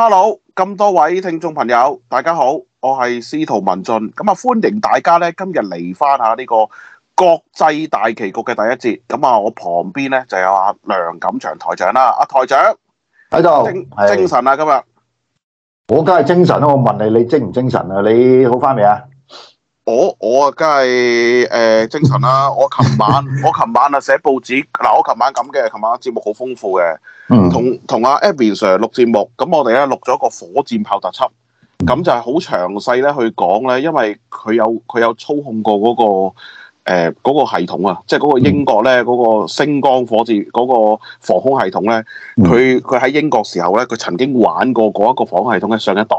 Hello，咁多位聽眾朋友，大家好，我係司徒文進，咁啊歡迎大家咧今日嚟翻下呢個國際大棋局嘅第一節，咁啊我旁邊咧就有阿梁錦祥台長啦，阿台長喺度，精精神啊今日，我梗係精神啊！我問你你精唔精神啊？你好翻未啊？我我、呃、啊，梗係誒精神啦！ 我琴晚我琴晚啊寫報紙嗱，我琴晚咁嘅，琴晚節目好豐富嘅，同同阿 Abby Sir 錄節目，咁我哋咧錄咗個火箭炮特輯，咁就係好詳細咧去講咧，因為佢有佢有操控過嗰、嗰個誒、呃那個、系統啊，即係嗰個英國咧嗰、嗰個星光火箭嗰、嗰個防空系統咧，佢佢喺英國時候咧，佢曾經玩過嗰一個防空系統嘅上一代，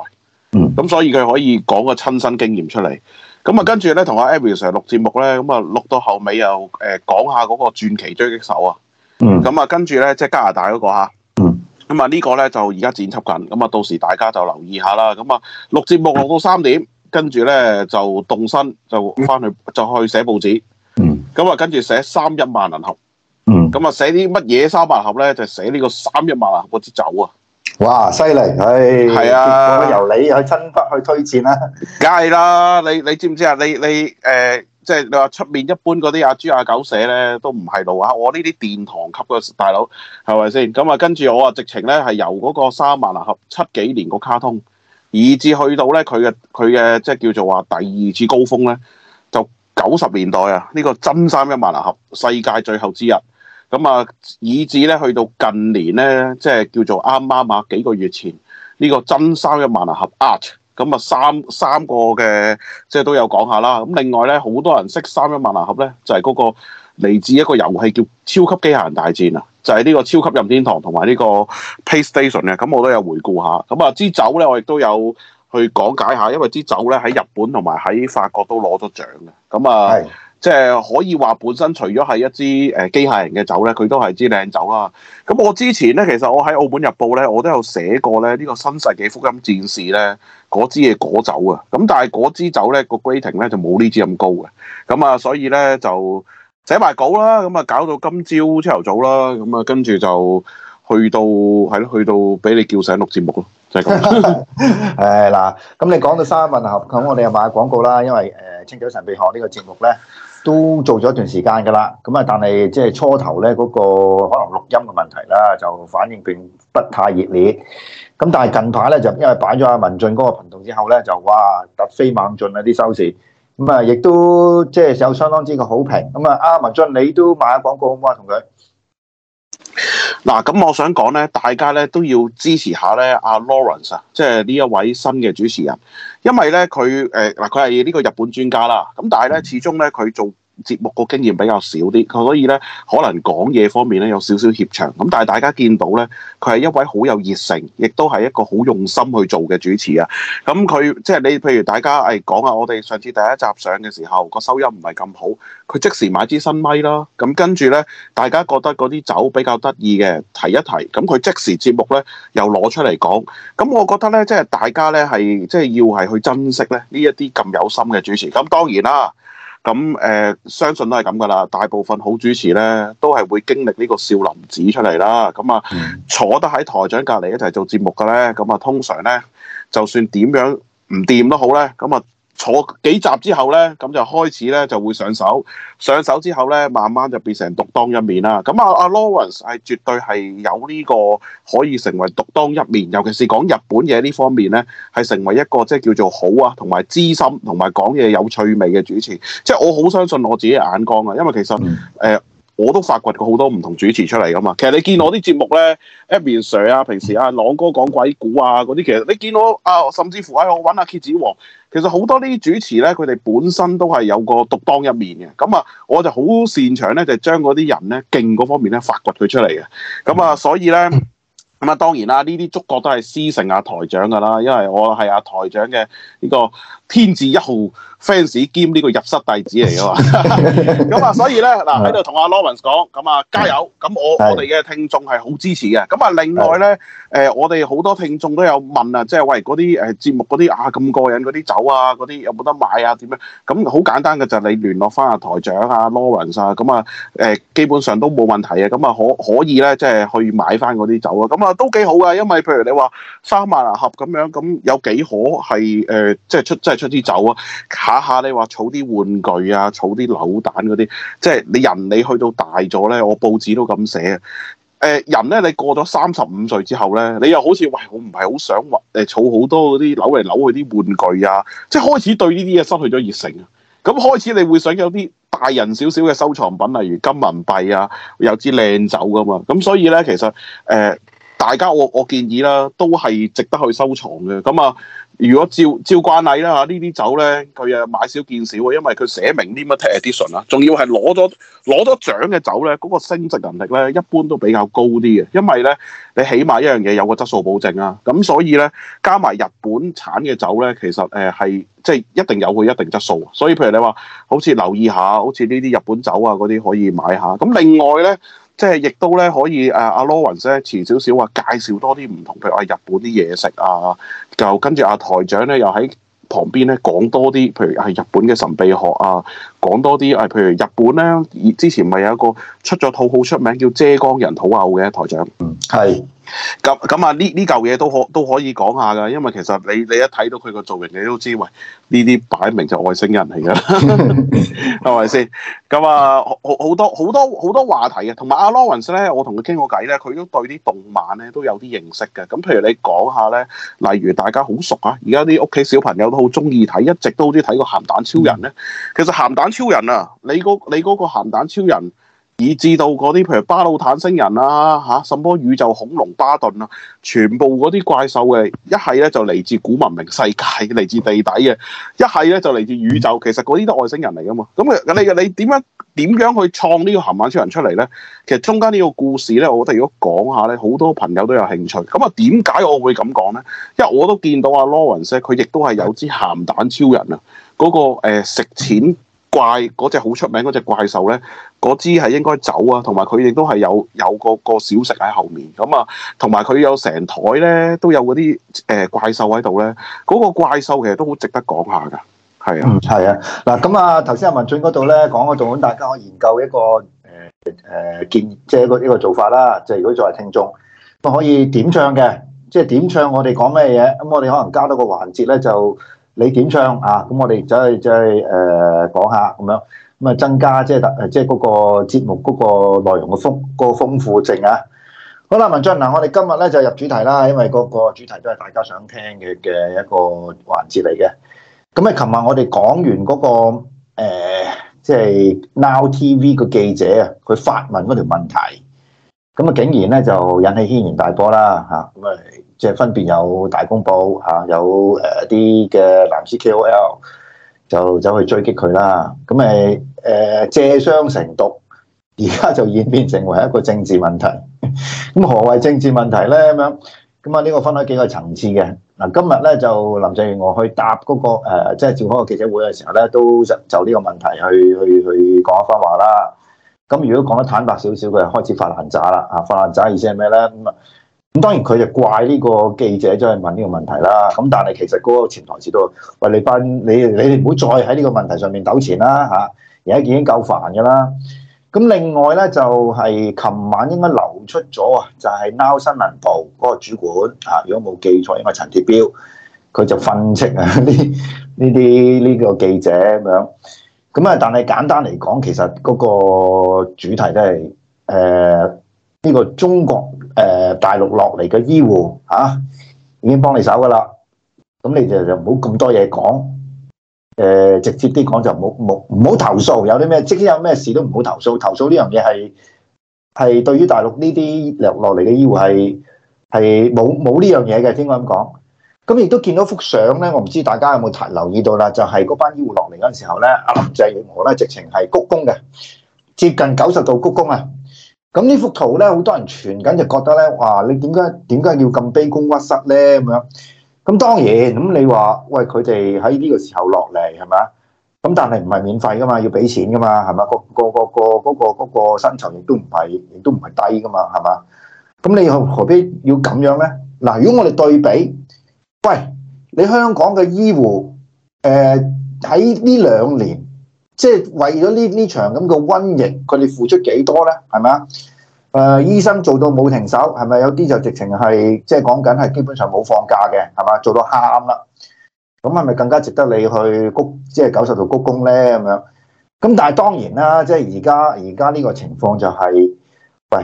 咁所以佢可以講個親身經驗出嚟。咁啊，跟住咧，同阿 Abby 成日錄節目咧，咁啊錄到後尾又誒、呃、講下嗰個傳奇狙擊手啊。嗯。咁啊，跟住咧，即係加拿大嗰、那個嚇。嗯。咁啊，呢個咧就而家剪輯緊，咁啊到時大家就留意下啦。咁、嗯、啊，錄節目錄到三點，跟住咧就動身，就翻去就去寫報紙。嗯。咁啊，跟住寫三一萬能盒。嗯。咁啊、嗯，寫啲乜嘢三萬盒咧？就寫呢個三一萬盒嗰支酒啊！哇，犀利！唉、哎，係啊，由你去親筆去推薦啦，梗係啦！你你知唔知啊？你你誒，即、呃、係、就是、你話出面一般嗰啲阿豬阿、啊、狗寫咧，都唔係路啊！我呢啲殿堂級嘅大佬，係咪先？咁、嗯、啊，跟住我啊，直情咧係由嗰個三萬能俠七幾年個卡通，以至去到咧佢嘅佢嘅，即係叫做話第二次高峰咧，就九十年代啊！呢、這個真三一萬能俠世界最後之日。咁啊，以至咧去到近年咧，即係叫做啱啱啊，幾個月前呢、這個真合 art, 三一萬能俠 art，咁啊三三個嘅即係都有講下啦。咁另外咧，好多人識三一萬能俠咧，就係、是、嗰個嚟自一個遊戲叫《超級機械人大戰》啊，就係、是、呢個《超級任天堂》同埋呢個 PlayStation 嘅。咁我都有回顧下。咁啊，支酒咧，我亦都有去講解下，因為支酒咧喺日本同埋喺法國都攞咗獎嘅。咁啊。即係可以話本身除咗係一支誒機械人嘅酒咧，佢都係支靚酒啦，啊。咁我之前咧，其實我喺澳門日報咧，我都有寫過咧呢、這個新世紀福音戰士咧嗰支嘢果酒啊。咁但係嗰支酒咧個 rating 咧就冇呢支咁高嘅。咁啊，所以咧就寫埋稿啦。咁啊，搞到今朝朝頭早啦。咁啊，跟住就去到係咯、啊，去到俾你叫醒錄節目咯。就係、是、咁。誒嗱、 哎，咁你講到三文合，咁我哋又賣下廣告啦。因為誒、呃《清早神秘學節呢》呢個節目咧。都做咗一段時間㗎啦，咁啊，但係即係初頭咧，那個，嗰個可能錄音嘅問題啦，就反應並不太熱烈。咁但係近排咧就因為擺咗阿文進嗰個頻道之後咧，就哇突飛猛進啊啲收視，咁啊亦都即係有相當之嘅好評。咁啊，阿文進你都買下廣告好唔好啊？同佢？嗱，咁我想講咧，大家咧都要支持下咧阿 Lawrence 啊，即係呢一位新嘅主持人，因為咧佢誒嗱，佢係呢個日本專家啦，咁但係咧始終咧佢做節目個經驗比較少啲，所以咧可能講嘢方面咧有少少怯場。咁但係大家見到咧，佢係一位好有熱誠，亦都係一個好用心去做嘅主持啊。咁、嗯、佢即係你譬如大家誒講下我哋上次第一集上嘅時候個收音唔係咁好，佢即時買支新咪啦。咁跟住咧，大家覺得嗰啲酒比較得意嘅，提一提。咁、嗯、佢即時節目咧又攞出嚟講。咁、嗯、我覺得咧，即係大家咧係即係要係去珍惜咧呢一啲咁有心嘅主持。咁、嗯、當然啦。咁誒、呃，相信都係咁噶啦。大部分好主持咧，都係會經歷呢個少林寺出嚟啦。咁啊，坐得喺台長隔離一齊做節目嘅咧，咁啊，通常咧，就算點樣唔掂都好咧，咁啊。坐幾集之後呢，咁就開始呢，就會上手，上手之後呢，慢慢就變成獨當一面啦。咁啊，阿、啊、Lawrence 係絕對係有呢、這個可以成為獨當一面，尤其是講日本嘢呢方面呢，係成為一個即係叫做好啊，同埋資深，同埋講嘢有趣味嘅主持。即係我好相信我自己嘅眼光啊，因為其實誒。嗯我都發掘過好多唔同主持出嚟噶嘛，其實你見我啲節目咧，Abby Sir 啊，平時啊朗哥講鬼故啊嗰啲，其實你見我啊，甚至乎喺、啊、我揾阿蠍子王，其實好多呢啲主持咧，佢哋本身都係有個獨當一面嘅。咁啊，我就好擅長咧，就將嗰啲人咧勁嗰方面咧發掘佢出嚟嘅。咁啊，所以咧咁啊，當然啦，呢啲觸覺都係師承阿台長噶啦，因為我係阿、啊、台長嘅呢、呢個。天字一號 fans 兼呢個入室弟子嚟嘅嘛，咁啊，所以咧嗱喺度同阿 Lawrence 講，咁啊加油，咁我我哋嘅聽眾係好支持嘅，咁啊、yeah. 另外咧誒我哋好多聽眾都有問啊，即係喂嗰啲誒節目嗰啲啊咁過癮嗰啲酒啊嗰啲有冇得買啊點、mm、樣？咁好簡單嘅就你聯絡翻阿台長啊 Lawrence 啊，咁啊誒基本上都冇問題啊，咁啊可可以咧即係去買翻嗰啲酒啊，咁啊都幾好啊。因為譬如你話三萬盒咁樣，咁有幾可係誒即係出即係。出啲酒啊，下下你話儲啲玩具啊，儲啲扭蛋嗰啲，即係你人你去到大咗咧，我報紙都咁寫啊。誒、呃，人咧你過咗三十五歲之後咧，你又好似喂、哎、我唔係好想話誒儲好多嗰啲扭嚟扭去啲玩具啊，即係開始對呢啲嘢失去咗熱誠啊。咁、嗯、開始你會想有啲大人少少嘅收藏品，例如金銀幣啊，有支靚酒噶嘛。咁、嗯、所以咧，其實誒、呃，大家我我建議啦，都係值得去收藏嘅。咁、嗯、啊。嗯嗯嗯如果照照慣例啦嚇，呢啲酒咧佢，啊買少見少，因為佢寫明 limited edition 啦，仲要係攞咗攞咗獎嘅酒咧，嗰個升值能力咧一般都比較高啲嘅，因為咧你起碼一樣嘢有個質素保證啊，咁所以咧加埋日本產嘅酒咧，其實誒係即係一定有個一定質素，所以譬如你話好似留意下，好似呢啲日本酒啊嗰啲可以買下，咁另外咧。即係亦都咧可以誒，阿、啊啊、Lawrence 咧遲少少話介紹多啲唔同，譬如話日本啲嘢食啊，就跟住阿、啊、台長咧又喺旁邊咧講多啲，譬如係、啊、日本嘅神秘學啊，講多啲誒，譬如日本咧，之前咪有一個出咗套好出名叫《遮光人土偶》嘅台長，嗯，係。咁咁啊！呢呢嚿嘢都可都可以講下㗎，因為其實你你一睇到佢個造型，你都知喂呢啲擺明就外星人嚟㗎，係咪先？咁啊，好好多好多好多話題啊，同埋阿 Lawrence 咧，我同佢傾過偈咧，佢都對啲動漫咧都有啲認識嘅。咁譬如你講下咧，例如大家好熟啊，而家啲屋企小朋友都好鍾意睇，一直都好鍾意睇個鹹蛋超人咧。嗯、其實鹹蛋超人啊，你、嗰個、你嗰、嗰個鹹蛋超人。以至到嗰啲譬如巴魯坦星人啊，吓，什麼宇宙恐龍巴頓啊，全部嗰啲怪獸嘅一係咧就嚟自古文明世界，嚟自地底嘅一係咧就嚟自宇宙。其實嗰啲都係外星人嚟㗎嘛。咁你你你點樣點樣去創呢個鹹蛋超人出嚟咧？其實中間呢個故事咧，我覺得如果講下咧，好多朋友都有興趣。咁啊，點解我會咁講咧？因為我都見到阿 Lawrence，佢亦都係有支鹹蛋超人啊。嗰、那個誒、呃、食錢。怪嗰隻好出名嗰隻怪獸咧，嗰支係應該走啊，同埋佢亦都係有有，有個個小食喺後面咁啊，同埋佢有成台咧都有嗰啲誒怪獸喺度咧，嗰、那個怪獸其實都好值得講下噶，係啊，係、嗯、啊，嗱咁啊頭先阿文進嗰度咧講嗰度大家可以研究一個誒誒、呃呃、建，即係一個呢個做法啦，即就如果作為聽眾，咁可以點唱嘅，即係點唱我哋講咩嘢，咁我哋可能加多個環節咧就。你點唱啊？咁我哋就去走去誒講下咁樣，咁啊增加即係特即係嗰個節目嗰個內容嘅豐、那個豐富性啊！好啦，文進嗱、啊，我哋今日咧就入主題啦，因為個個主題都係大家想聽嘅嘅一個環節嚟嘅。咁、嗯、啊，琴日我哋講完嗰、那個、呃、即係 Now TV 個記者啊，佢發問嗰條問題，咁、嗯、啊，竟然咧就引起軒然大波啦嚇，咁、嗯、啊～、嗯即係分別有大公報嚇，有誒啲嘅藍絲 K O L 就走去追擊佢啦。咁誒誒借傷成毒，而家就演變成為一個政治問題。咁 何謂政治問題咧？咁樣咁啊？呢個分開幾個層次嘅嗱。今日咧就林鄭月娥去答嗰個誒，即係召開個記者會嘅時候咧，都就呢個問題去去去，去講一番話啦。咁如果講得坦白少少，佢就開始發爛渣啦。啊，發爛渣意思係咩咧？咁啊？咁當然佢就怪呢個記者就係問呢個問題啦。咁但係其實嗰個前台知道，喂，你班你你哋唔好再喺呢個問題上面糾纏啦吓，而家已經夠煩噶啦。咁另外咧就係琴晚應該流出咗啊，就係《now 新聞部》嗰個主管啊，如果冇記錯應該係陳鐵標，佢就訓斥啊呢呢啲呢個記者咁樣。咁啊，但係簡單嚟講，其實嗰個主題都係誒。呃呢個中國誒、呃、大陸落嚟嘅醫護吓、啊，已經幫你手噶啦，咁你就就唔好咁多嘢講，誒、呃、直接啲講就冇冇唔好投訴，有啲咩即使有咩事都唔好投訴，投訴呢樣嘢係係對於大陸呢啲落嚟嘅醫護係係冇冇呢樣嘢嘅，聽我咁講，咁亦、嗯、都見到幅相咧，我唔知大家有冇留意到啦，就係、是、嗰班醫護落嚟嗰時候咧，阿林鄭月娥咧直情係鞠躬嘅，接近九十度鞠躬啊！咁呢幅圖咧，好多人傳緊就覺得咧，哇！你點解點解要咁卑躬屈膝咧？咁樣咁當然，咁你話喂，佢哋喺呢個時候落嚟係咪啊？咁但係唔係免費噶嘛，要俾錢噶嘛，係咪？個個個個嗰個薪酬亦都唔係，亦都唔係低噶嘛，係嘛？咁你何何必要咁樣咧？嗱，如果我哋對比，喂，你香港嘅醫護誒喺呢兩年？即係為咗呢呢場咁嘅瘟疫，佢哋付出幾多咧？係咪啊？誒、呃，醫生做到冇停手，係咪有啲就直情係即係講緊係基本上冇放假嘅，係嘛？做到喊啦，咁係咪更加值得你去鞠即係九十度鞠躬咧？咁樣咁，但係當然啦，即係而家而家呢個情況就係、係、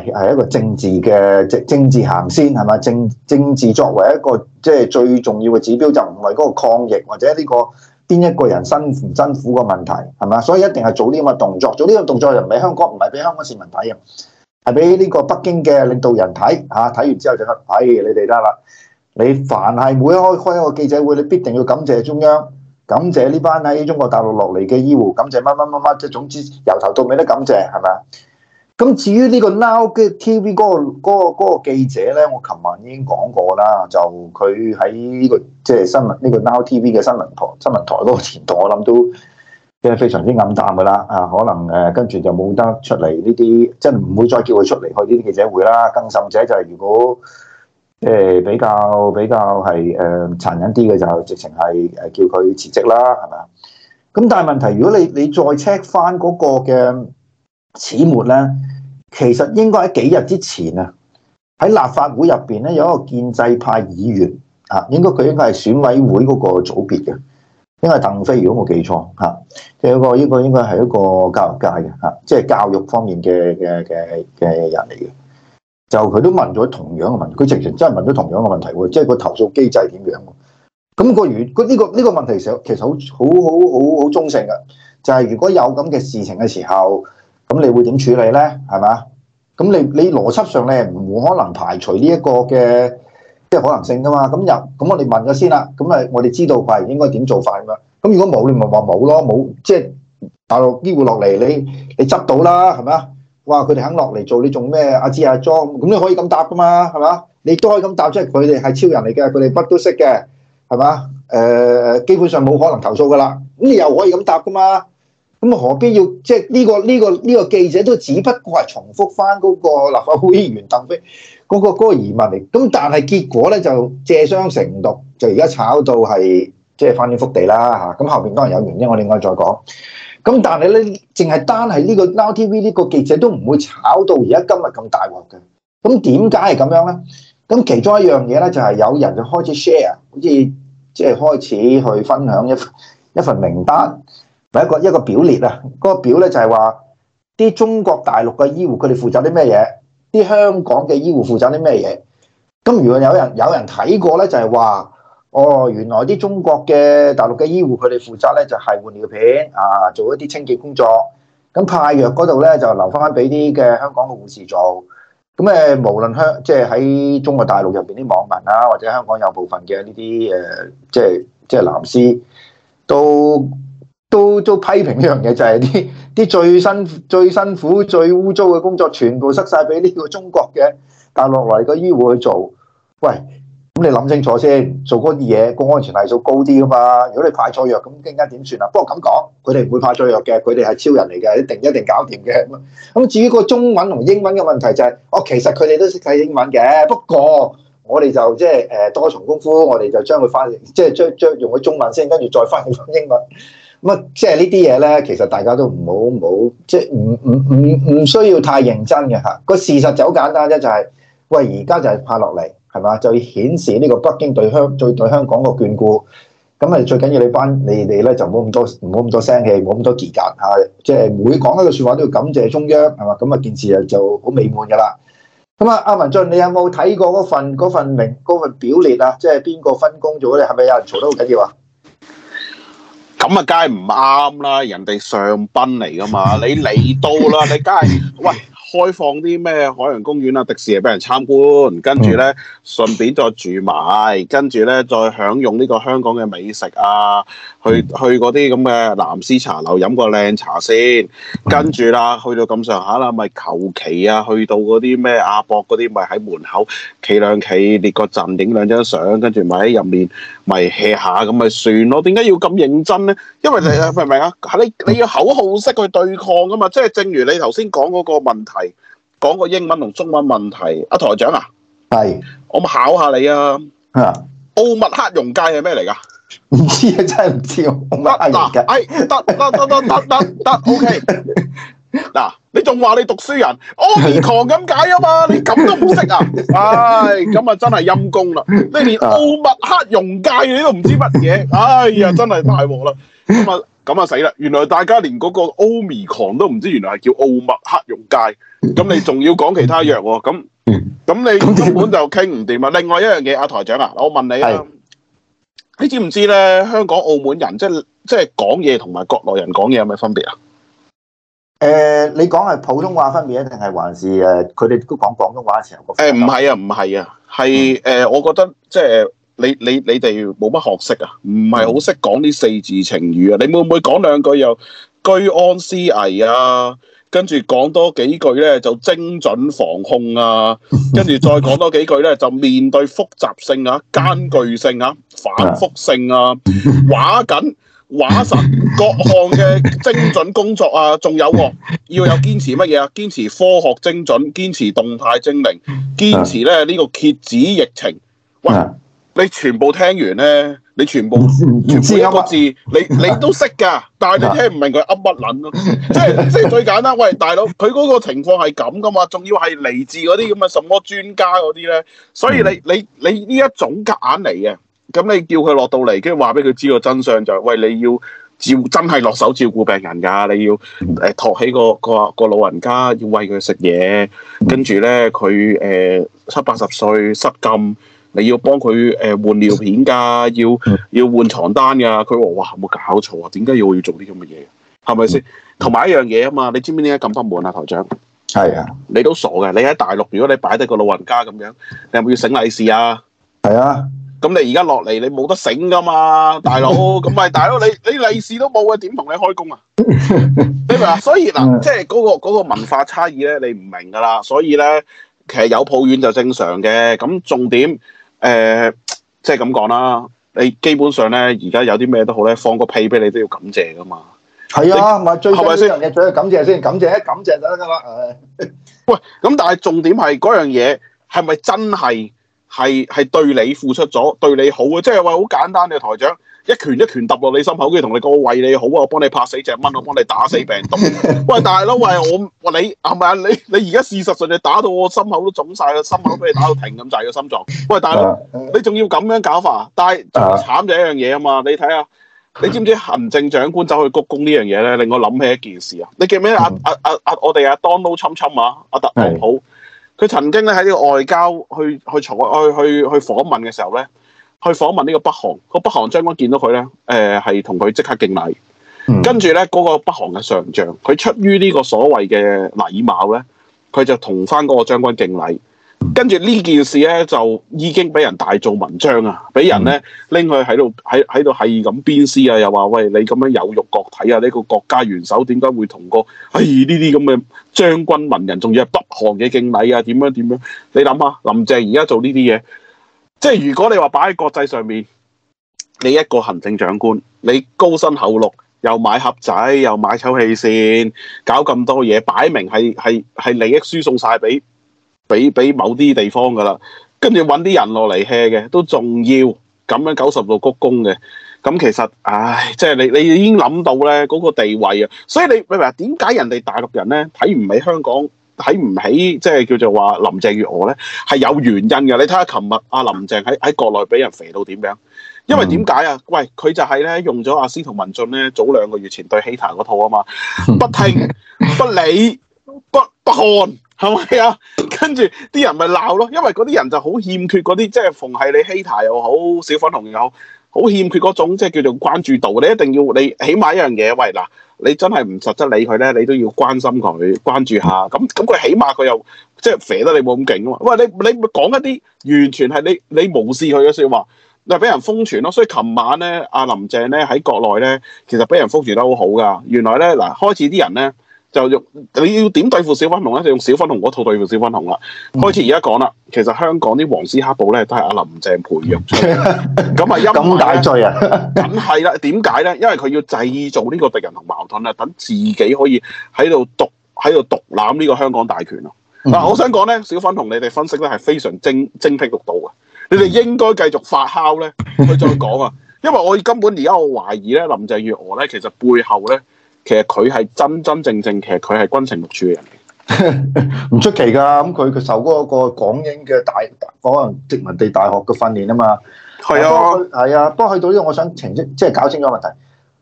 喂係一個政治嘅政政治行先，係咪？政政治作為一個即係最重要嘅指標，就唔係嗰個抗疫或者呢、呢個。邊一個人辛苦唔辛苦個問題係嘛，所以一定係做呢咁嘅動作，做呢個動作又唔係香港，唔係俾香港市民睇嘅，係俾呢個北京嘅領導人睇嚇，睇、啊、完之後就去睇、哎、你哋得啦。你凡係每開開一個記者會，你必定要感謝中央，感謝呢班喺中國大陸落嚟嘅醫護，感謝乜乜乜乜，即係總之由頭到尾都感謝，係咪？咁至於呢個 Now TV 嗰、嗰個嗰、嗰個、嗰個記者咧，我琴晚已經講過啦，就佢喺呢個即係、就是、新聞呢、呢個 Now TV 嘅新聞台新聞台嗰個前途，我諗都即係非常之暗淡噶啦。啊，可能誒跟住就冇得出嚟呢啲，即係唔會再叫佢出嚟開呢啲記者會啦。更甚者就係如果誒、呃、比較比較係誒殘忍啲嘅就直情係誒叫佢辭職啦，係咪？咁但係問題，如果你你再 check 翻嗰個嘅。始末咧，其實應該喺幾日之前啊，喺立法會入邊咧有一個建制派議員啊，應該佢應該係選委會嗰個組別嘅，應該係鄧飛，如果我記錯嚇，即係嗰呢個應該係一個教育界嘅嚇、啊，即係教育方面嘅嘅嘅嘅人嚟嘅，就佢都問咗同樣嘅問題，佢直情真係問咗同樣嘅問題喎，即係、嗰個投訴機制點樣？咁、這個完呢個呢個問題其實其實好好好好好忠誠啊，就係、是、如果有咁嘅事情嘅時候。咁你會點處理咧？係嘛？咁你你邏輯上你咧，唔可能排除呢一個嘅即係可能性噶嘛，嘛？咁入咁我哋問咗先啦。咁誒，我哋知道佢應該點做法咁樣。咁如果冇，你咪話冇咯，冇即係大陸醫護落嚟，你你執到啦，係咪啊？哇！佢哋肯落嚟做，你做咩？阿志阿莊咁你可以咁答噶嘛，係嘛？你都可以咁答，即係佢哋係超人嚟嘅，佢哋乜都識嘅，係嘛？誒、呃，基本上冇可能投訴噶啦。咁你又可以咁答噶嘛？咁何必要即係呢個呢、呢個呢、呢個記者都只不過係重複翻嗰個立法會議員鄧飛嗰、嗰個、嗰個疑問嚟？咁但係結果咧就借傷成毒，就而家炒到係即係翻天覆地啦嚇。咁後邊當然有原因，我另外再講。咁但係咧，淨係單係呢個 now TV 呢個記者都唔會炒到而家今日咁大鑊嘅。咁點解係咁樣咧？咁其中一樣嘢咧就係、是、有人就開始 share，好似即係開始去分享一份一份名單。一個一個表列啊！嗰個表咧就係話啲中國大陸嘅醫護佢哋負責啲咩嘢，啲香港嘅醫護負責啲咩嘢。咁如果有人有人睇過咧，就係話哦，原來啲中國嘅大陸嘅醫護佢哋負責咧就係換尿片啊，做一啲清潔工作。咁派藥嗰度咧就留翻翻俾啲嘅香港嘅護士做。咁誒，無論香即係喺中國大陸入邊啲網民啊，或者香港有部分嘅呢啲誒，即係即係藍絲都。污糟批評呢樣嘢就係啲啲最辛最辛苦最污糟嘅工作，全部塞晒俾呢個中國嘅大陸來個醫護去做。喂，咁你諗清楚先，做嗰啲嘢，個安全係數高啲噶嘛？如果你派錯藥，咁更加點算啊？不過咁講，佢哋唔會派錯藥嘅，佢哋係超人嚟嘅，一定一定搞掂嘅。咁至於個中文同英文嘅問題，就係，就係哦，其實佢哋都識睇英文嘅，不過我哋就即係誒多重功夫，我哋就將佢翻譯，即係將將用咗中文先，跟住再翻譯翻英文。乜即係呢啲嘢咧？其實大家都唔好冇，即係唔唔唔唔需要太認真嘅嚇。個事實就好簡單啫，就係、是、喂而家就係派落嚟，係嘛？就要顯示呢個北京對香對對香港個眷顧。咁啊，最緊要你班你哋咧就冇咁多，冇咁多聲氣，冇咁多字眼嚇。即係每講一個説話都要感謝中央係嘛？咁啊件事啊就好美滿噶啦。咁啊，阿文進，你有冇睇過嗰份嗰份名嗰份表列啊？即係邊個分工做咧？係咪有人嘈得好緊要啊？咁啊，梗係唔啱啦！人哋上賓嚟噶嘛，你嚟到啦，你梗係喂開放啲咩海洋公園啊，迪士尼俾人參觀，跟住咧順便再住埋，跟住咧再享用呢個香港嘅美食啊，去去嗰啲咁嘅藍絲茶樓飲個靚茶先，跟住啦，去到咁上下啦，咪求其啊，去到嗰啲咩亞博嗰啲，咪喺門口企兩企列個陣，影兩張相，跟住咪喺入面。咪 hea 下咁咪算咯，點解要咁認真咧？因為你明唔明啊？係你你要口號式去對抗噶嘛？即係正如你頭先講嗰個問題，講個英文同中文問題。阿台長啊，係是，我咪考下你啊。啊、uh.，奧密克戎界係咩嚟噶？唔知啊，真係唔知。得得得得得得得，OK。嗱、啊，你仲話你讀書人，奧米狂咁解啊嘛？你咁都唔識啊？唉、哎，咁啊真係陰功啦！你連奧密克戎介你都唔知乜嘢？哎呀，真係大鑊啦！咁啊，咁啊死啦！原來大家連嗰個奧米狂都唔知，原來係叫奧密克戎介。咁你仲要講其他藥喎、啊？咁咁你根本就傾唔掂啊？另外一樣嘢阿台長啊，我問你啦、啊，是你知唔知咧？香港澳門人即係即係講嘢同埋國內人講嘢有咩分別啊？誒、呃，你講係普通話分別，呃呃、啊，定係還是誒，佢哋都講廣東話嘅時候誒，唔係啊，唔係啊，係誒、嗯呃，我覺得即係你你你哋冇乜學識啊，唔係好識講啲四字成語啊，你會唔會講兩句又居安思危啊，跟住講多幾句咧就精準防控啊，跟住再講多幾句咧就面對複雜性啊、艱巨性啊、反覆性啊，話緊。畫神各項嘅精準工作啊，仲有喎、啊，要有堅持乜嘢啊？堅持科學精準，堅持動態精靈，堅持咧呢、這個遏止疫情。喂，你全部聽完咧，你全部，像全部一個字，像你你都識噶， 但係你聽唔明佢噏乜捻，即係即係最簡單。喂，大佬，佢嗰個情況係咁噶嘛？仲要係嚟自嗰啲咁嘅什麼專家嗰啲咧？所以你你你呢一種夾硬嚟嘅。咁你叫佢落到嚟，跟住話俾佢知個真相就係：喂，你要照真係落手照顧病人㗎，你要誒托起個個個老人家，要喂佢食嘢，跟住咧佢誒七八十歲失禁，你要幫佢誒換尿片㗎，要要換床單㗎。佢話：哇，冇搞錯啊，點解要要做啲咁嘅嘢？係咪先？同埋一樣嘢啊嘛。你知唔知點解咁不滿啊？台長係啊，你都傻嘅。你喺大陸，如果你擺低個老人家咁樣，你係咪要醒利是啊？係啊。咁你而家落嚟，你冇得醒噶嘛，大佬？咁咪、就是、大佬，你你利是都冇啊，點同你開工啊？你明嘛？ 所以嗱，即係嗰個文化差異咧，你唔明噶啦。所以咧，其實有抱怨就正常嘅。咁重點誒，即係咁講啦。你基本上咧，而家有啲咩都好咧，放個屁俾你都要感謝噶嘛。係啊，咪即最衰人嘅嘴係感謝先，感謝感謝就得噶啦。誒、哎， 喂，咁但係重點係嗰樣嘢係咪真係？係係對你付出咗，對你好啊！即係喂，好簡單嘅台長，一拳一拳揼落你心口，跟住同你講喂，你好啊，我幫你拍死隻蚊，我幫你打死病毒。 喂，大佬，喂我喂你係咪啊？你你而家事實上你打到我心口都腫晒，啦，心口俾你打到停咁滯嘅心臟。喂，大佬，你仲、uh, uh, 要咁樣搞法？但係最慘就一樣嘢啊嘛！你睇下，你知唔知行政長官走去鞠躬呢樣嘢咧，令我諗起一件事，你記唔記得啊？你叫咩啊？阿阿阿我哋阿 Donald Trump 啊，阿特朗普。佢曾經咧喺呢個外交去去採去去去訪問嘅時候咧，去訪問呢訪問個北韓，嗰個北韓將軍見到佢咧，誒係同佢即刻敬禮，嗯、跟住咧嗰個北韓嘅上將，佢出於呢個所謂嘅禮貌咧，佢就同返嗰個將軍敬禮。跟住呢件事咧，就已經俾人大做文章啊！俾、嗯、人咧拎去喺度喺喺度係咁鞭屍啊！又話：喂，你咁樣有辱國體啊？呢、呢個國家元首點解會同個唉呢啲咁嘅將軍文人，仲要係北韓嘅敬禮啊？點樣點樣？你諗下，林鄭而家做呢啲嘢，即係如果你話擺喺國際上面，你一個行政長官，你高薪厚祿，又買盒仔，又買抽氣扇，搞咁多嘢，擺明係係係利益輸送晒俾。俾俾某啲地方噶啦，跟住揾啲人落嚟吃嘅，都仲要咁樣九十度鞠躬嘅。咁其實，唉，即係你你已經諗到咧嗰個地位啊。所以你明白點解人哋大陸人咧睇唔起香港，睇唔起即係叫做話林鄭月娥咧，係有原因噶。你睇下琴日阿林鄭喺喺國內俾人肥到點樣？因為點解啊？嗯、喂，佢就係咧用咗阿司徒文進咧早兩個月前對希特嗰套啊嘛，不聽 不理不不看。不係咪啊？跟住啲人咪鬧咯，因為嗰啲人就好欠缺嗰啲，即係逢係你 hater 又好，小粉紅又好，好欠缺嗰種即係叫做關注度。你一定要你起碼一樣嘢，喂嗱，你真係唔實質理佢咧，你都要關心佢，關注下。咁咁佢起碼佢又即係肥得你冇咁勁啊嘛。喂，你你講一啲完全係你你無視佢嘅説話，你俾人瘋傳咯。所以琴晚咧，阿林鄭咧喺國內咧，其實俾人瘋傳得好好噶。原來咧嗱，開始啲人咧。就用你要點對付小粉紅咧？就用小粉紅嗰套對付小粉紅啦。開始而家講啦，其實香港啲黃絲黑暴咧，都係阿林鄭培育出嚟。咁啊，陰謀咁大罪啊？咁係啦，點解咧？因為佢要製造呢個敵人同矛盾啊，等自己可以喺度獨喺度獨攬呢個香港大權咯。嗱，我想講咧，小粉紅你哋分析咧係非常精精闢獨到嘅。你哋應該繼續發酵咧佢再講啊，因為我根本而家我懷疑咧，林鄭月娥咧其實背後咧。其實佢係真真正正，其實佢係軍情六處嘅人，唔出奇㗎。咁佢佢受嗰個港英嘅大可能殖民地大學嘅訓練啊嘛，係啊，係 啊。不過去到呢個，我想澄清，即係搞清楚問題。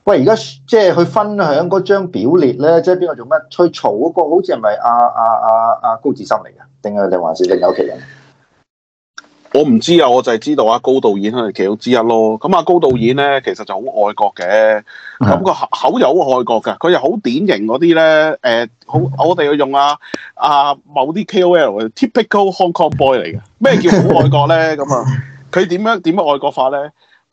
喂，而家即係去分享嗰張表列咧，即係邊個做乜？去嘈嗰個好似係咪阿阿阿阿高志森嚟㗎？定係你還是另有其人？ 我唔知啊，我就係知道啊高導演係其中之一咯。咁、嗯、啊高導演咧，其實就好愛國嘅，咁個的、嗯、口口有愛國嘅，佢又好典型嗰啲咧。誒、呃，好，我哋要用啊啊某啲 KOL typical Hong Kong boy 嚟嘅。咩叫好愛國咧？咁啊， 佢點樣點樣愛國法咧？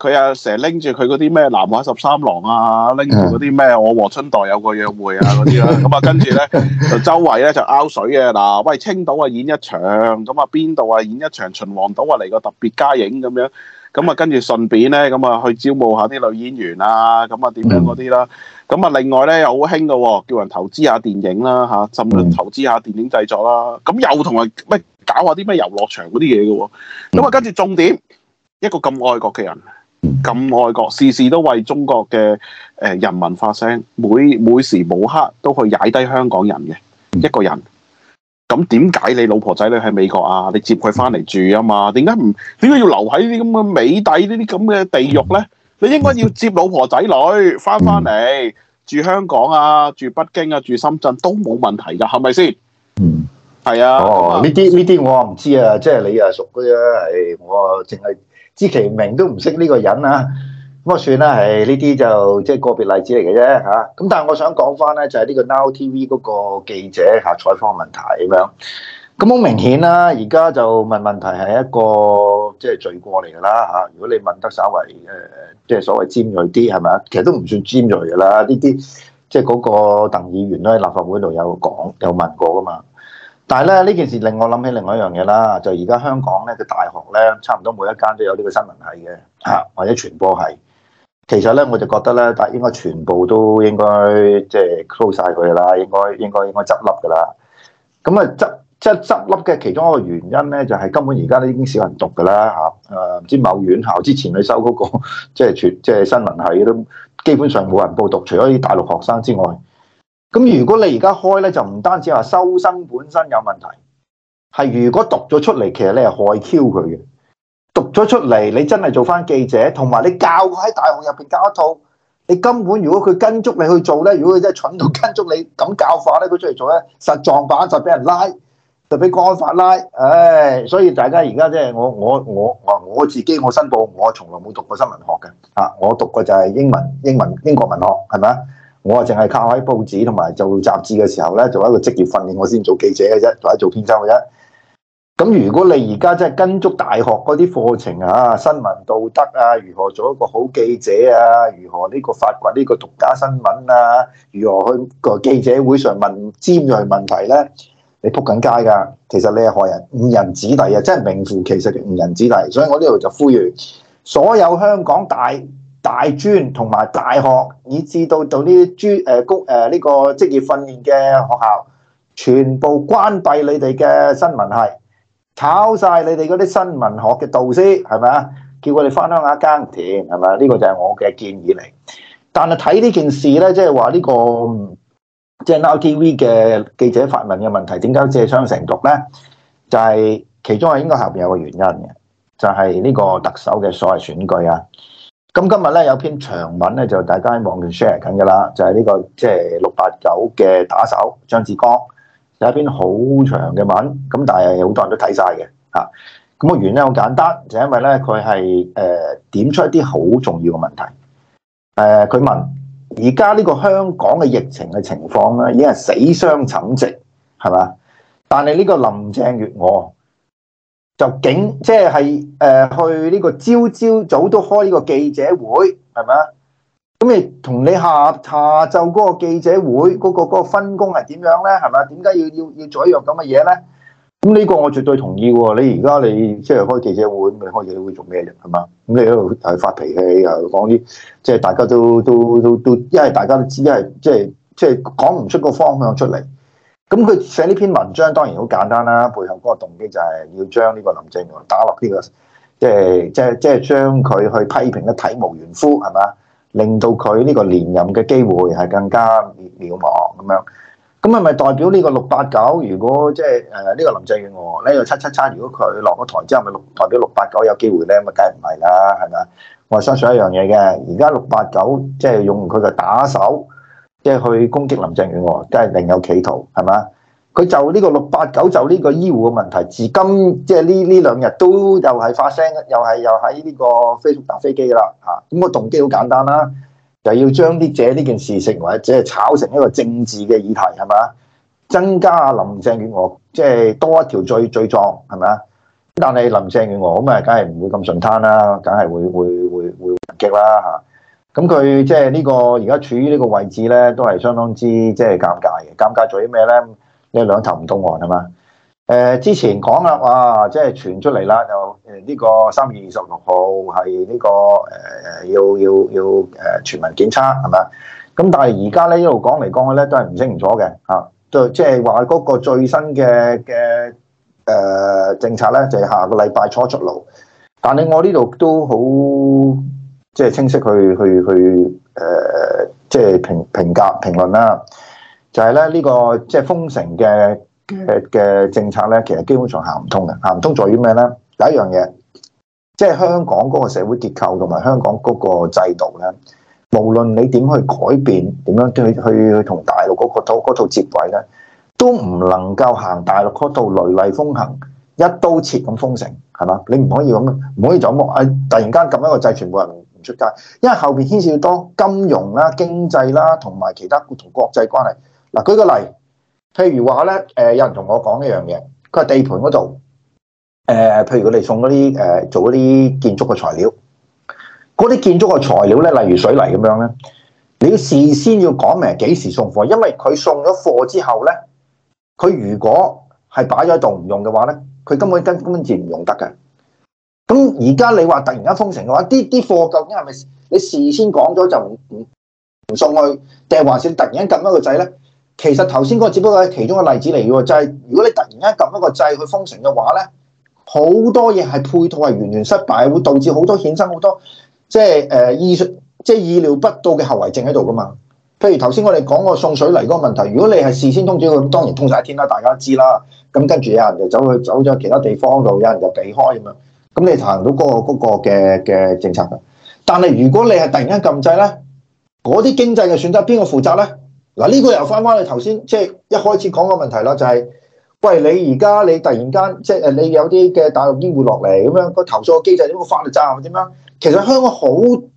佢啊，成日拎住佢嗰啲咩《南海十三郎》啊，拎住嗰啲咩《我和春天有個約會》啊嗰啲啦，咁啊跟住咧就周圍咧就拗水嘅嗱，喂，青島啊演一場，咁啊邊度啊演一場，秦皇島啊嚟個特別加映咁樣，咁啊跟住順便咧咁啊去招募下啲女演員啊，咁啊點樣嗰啲啦，咁啊另外咧又好興嘅，叫人投資下電影啦嚇，甚至投資下電影製作啦，咁又同佢咩搞下啲咩遊樂場嗰啲嘢嘅，咁啊跟住重點一個咁愛國嘅人。咁愛國，事事都為中國嘅誒、呃、人民發聲，每每時每刻都去踩低香港人嘅一個人。咁點解你老婆仔女喺美國啊？你接佢翻嚟住啊嘛？點解唔點解要留喺呢啲咁嘅美帝呢啲咁嘅地獄呢？你應該要接老婆仔女翻翻嚟住香港啊，住北京啊，住深圳都冇問題噶，係咪先？嗯，係啊。哦，呢啲呢啲我唔知啊，即係你啊熟啲啦。我淨係。知其名都唔識呢個人啊，咁我算啦，誒呢啲就即係、就是、個別例子嚟嘅啫嚇。咁但係我想講翻咧，就係、是、呢個 Now TV 嗰個記者下、啊、採訪問題咁樣，咁好明顯啦、啊。而家就問問題係一個即係罪過嚟噶啦嚇。如果你問得稍微誒，即、呃、係所謂尖鋭啲係咪啊？其實都唔算尖銳噶啦。呢啲即係嗰個鄧議員喺立法會度有講有問過噶嘛。但係咧，呢件事令我諗起另外一樣嘢啦。就而家香港咧嘅大學咧，差唔多每一間都有呢個新聞系嘅嚇、啊，或者傳播系。其實咧，我就覺得咧，但係應該全部都應該即係 close 晒佢啦，應該應該應該執笠㗎啦。咁啊，執即係執笠嘅其中一個原因咧，就係、是、根本而家都已經少人讀㗎啦嚇。誒、啊、唔、啊、知某院校之前去收嗰、那個即係傳即係新聞系都基本上冇人報讀，除咗啲大陸學生之外。咁如果你而家開咧，就唔單止話收生本身有問題，係如果讀咗出嚟，其實你係害 Q 佢嘅。讀咗出嚟，你真係做翻記者，同埋你教喺大學入邊教一套，你根本如果佢跟足你去做咧，如果佢真係蠢到跟足你咁教法咧，佢出嚟做咧，實撞板，就俾人拉，實俾國安法拉。唉、哎，所以大家而家即係我我我我自己，我申報我從來冇讀過新聞學嘅。啊，我讀過就係英文英文，英，文英國文學，係咪？我啊，淨係靠喺報紙同埋做雜誌嘅時候咧，做一個職業訓練，我先做記者嘅啫，或者做編輯嘅啫。咁如果你而家真係跟足大學嗰啲課程啊，新聞道德啊，如何做一個好記者啊，如何呢個發掘呢個獨家新聞啊，如何去個記者會上問尖銳問題咧，你撲緊街噶。其實你係害人誤人子弟啊，真係名副其實嘅誤人子弟。所以我呢度就呼籲所有香港大。大專同埋大學，以至到到呢啲專誒谷誒呢個職業訓練嘅學校，全部關閉你哋嘅新聞系，炒晒你哋嗰啲新聞學嘅導師，係咪啊？叫佢哋翻鄉下耕田，係咪啊？呢個就係我嘅建議嚟。但係睇呢件事咧，即係話呢個即係 now TV 嘅記者發文嘅問題，點解借傷成毒咧？就係其中係應該後邊有個原因嘅，就係呢個特首嘅所謂選舉啊。咁今日咧有篇長文咧就大家喺網度 share 緊噶啦，就係呢個即係六八九嘅打手張志剛有一篇好長嘅文，咁但係好多人都睇晒嘅吓。咁個原因好簡單，就因為咧佢係誒點出一啲好重要嘅問題。誒，佢問而家呢個香港嘅疫情嘅情況咧已經係死傷慘重，係嘛？但係呢個林鄭月娥。就警即係誒去呢個朝朝早都開呢個記者會係咪啊？咁你同你下下晝嗰個記者會嗰個嗰個分工係點樣咧？係咪啊？點解要要要做一樣咁嘅嘢咧？咁呢個我絕對同意喎！你而家你即係開記者會，你開記者會做咩嘅？係嘛？咁你喺度係發脾氣，又講啲即係大家都都都都，因為大家都知，因為即係即係講唔出個方向出嚟。咁佢寫呢篇文章當然好簡單啦，背後嗰個動機就係要將呢個林鄭月娥打落呢個，即係即係即係將佢去批評得體無完膚，係嘛？令到佢呢個連任嘅機會係更加渺茫咁樣。咁係咪代表呢個六八九？如果即係誒呢個林鄭月娥呢個七七七，如果佢落咗台之後，咪代表六八九有機會咧？咁梗係唔係啦？係咪我係相信一樣嘢嘅。而家六八九即係用佢嘅打手。即係去攻擊林鄭月娥，梗係另有企圖，係嘛？佢就呢個六八九就呢個醫護嘅問題，至今即係呢呢兩日都又係發聲，又係又喺呢個 Facebook 打飛機啦嚇。咁、啊那個動機好簡單啦、啊，就要將啲者呢件事成為即係炒成一個政治嘅議題，係嘛？增加林鄭月娥即係、就是、多一條罪罪狀，係嘛？但係林鄭月娥咁啊，梗係唔會咁順攤啦，梗係會會會會擊啦嚇。啊。咁佢即係呢個而家處於呢個位置咧，都係相當之即係尷尬嘅。尷尬做啲咩咧？你兩頭唔到岸啊嘛。誒、呃、之前講啦，哇、啊，即、就、係、是、傳出嚟啦，就誒呢個三月二十六號係呢、這個誒、呃呃、要要要誒、呃、全民檢測係咪啊？咁但係而家咧一路講嚟講去咧都係唔清楚嘅嚇。對、啊，即係話嗰個最新嘅嘅誒政策咧，就係、是、下個禮拜初出爐。但係我呢度都好。即係清晰去去去誒、呃，即係評評價評論啦。就係咧呢個即係、就係、封城嘅嘅嘅政策咧，其實基本上行唔通嘅。行唔通在於咩咧？第一樣嘢，即係香港嗰個社會結構同埋香港嗰個制度咧，無論你點去改變，點樣去去同大陸嗰個套嗰套接軌咧，都唔能夠行大陸嗰套雷厲風行一刀切咁封城，係嘛？你唔可以咁，唔可以就咁誒，突然間撳一個掣，全部人。出街，因為後邊牽涉到多金融啦、啊、經濟啦、啊，同埋其他同國際關係。嗱，舉個例，譬如話咧，誒、呃，有人同我講一樣嘢，佢係地盤嗰度，誒、呃，譬如佢哋送啲誒、呃，做嗰啲建築嘅材料，嗰啲建築嘅材料咧，例如水泥咁樣咧，你要事先要講明幾時送貨，因為佢送咗貨之後咧，佢如果係擺咗喺度唔用嘅話咧，佢根本根根本唔用得嘅。咁而家你話突然間封城嘅話，啲啲貨究竟係咪你事先講咗就唔唔送去？定係話先突然間撳一個掣咧？其實頭先嗰個只不過係其中一個例子嚟喎，就係、是、如果你突然間撳一個掣去封城嘅話咧，好多嘢係配套係完全失敗，會導致好多衍生好多即係誒、呃、意即係意料不到嘅後遺症喺度噶嘛。譬如頭先我哋講個送水泥嗰個問題，如果你係事先通知佢，當然通晒天啦，大家都知啦。咁跟住有人就走去走咗其他地方度，有人就避開咁樣。咁你行到嗰個嘅嘅政策嘅，但係如果你係突然間禁制咧，嗰啲經濟嘅選擇邊個負責咧？嗱、這、呢個又翻翻去頭先，即、就、係、是、一開始講個問題啦，就係、是、喂你而家你突然間即係誒你有啲嘅大陸醫護落嚟咁樣個投訴機制點樣、那個、法律責任，點啊？其實香港好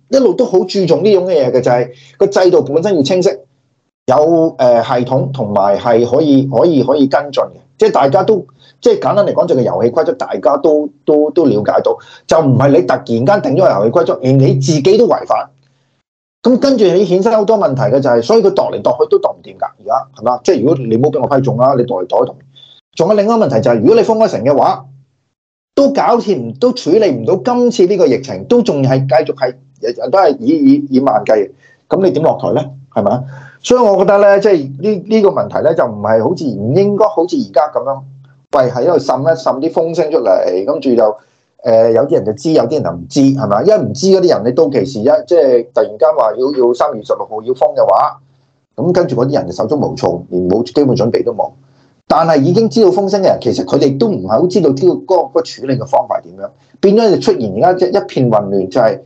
一路都好注重呢種嘅嘢嘅，就係、是、個制度本身要清晰，有誒系統同埋係可以可以可以跟進嘅，即、就、係、是、大家都。即係簡單嚟講，就個遊戲規則大家都都都瞭解到，就唔係你突然間訂咗遊戲規則，連你自己都違反。咁跟住你衍生好多問題嘅就係，所以佢度嚟度去都度唔掂㗎。而家係嘛？即係如果你冇俾我批中啦，你度嚟度去同仲有另一個問題就係，如果你封咗城嘅話，都搞掂都處理唔到今次呢個疫情，都仲係繼續係日日都係以以以萬計。咁你點落台咧？係咪？所以我覺得咧，即係呢呢個問題咧就唔係好似唔應該好似而家咁樣。喂，係因為滲一滲啲風聲出嚟，跟住就誒、呃、有啲人就知，有啲人就唔知，係咪？因為唔知嗰啲人，你到期時一即係突然間話要要三月十六號要封嘅話，咁跟住嗰啲人就手足無措，連冇基本準備都冇。但係已經知道風聲嘅人，其實佢哋都唔係好知道呢、嗰個嗰嗰、嗰個、處理嘅方法係點樣，變咗就出現而家即係一片混亂，就係，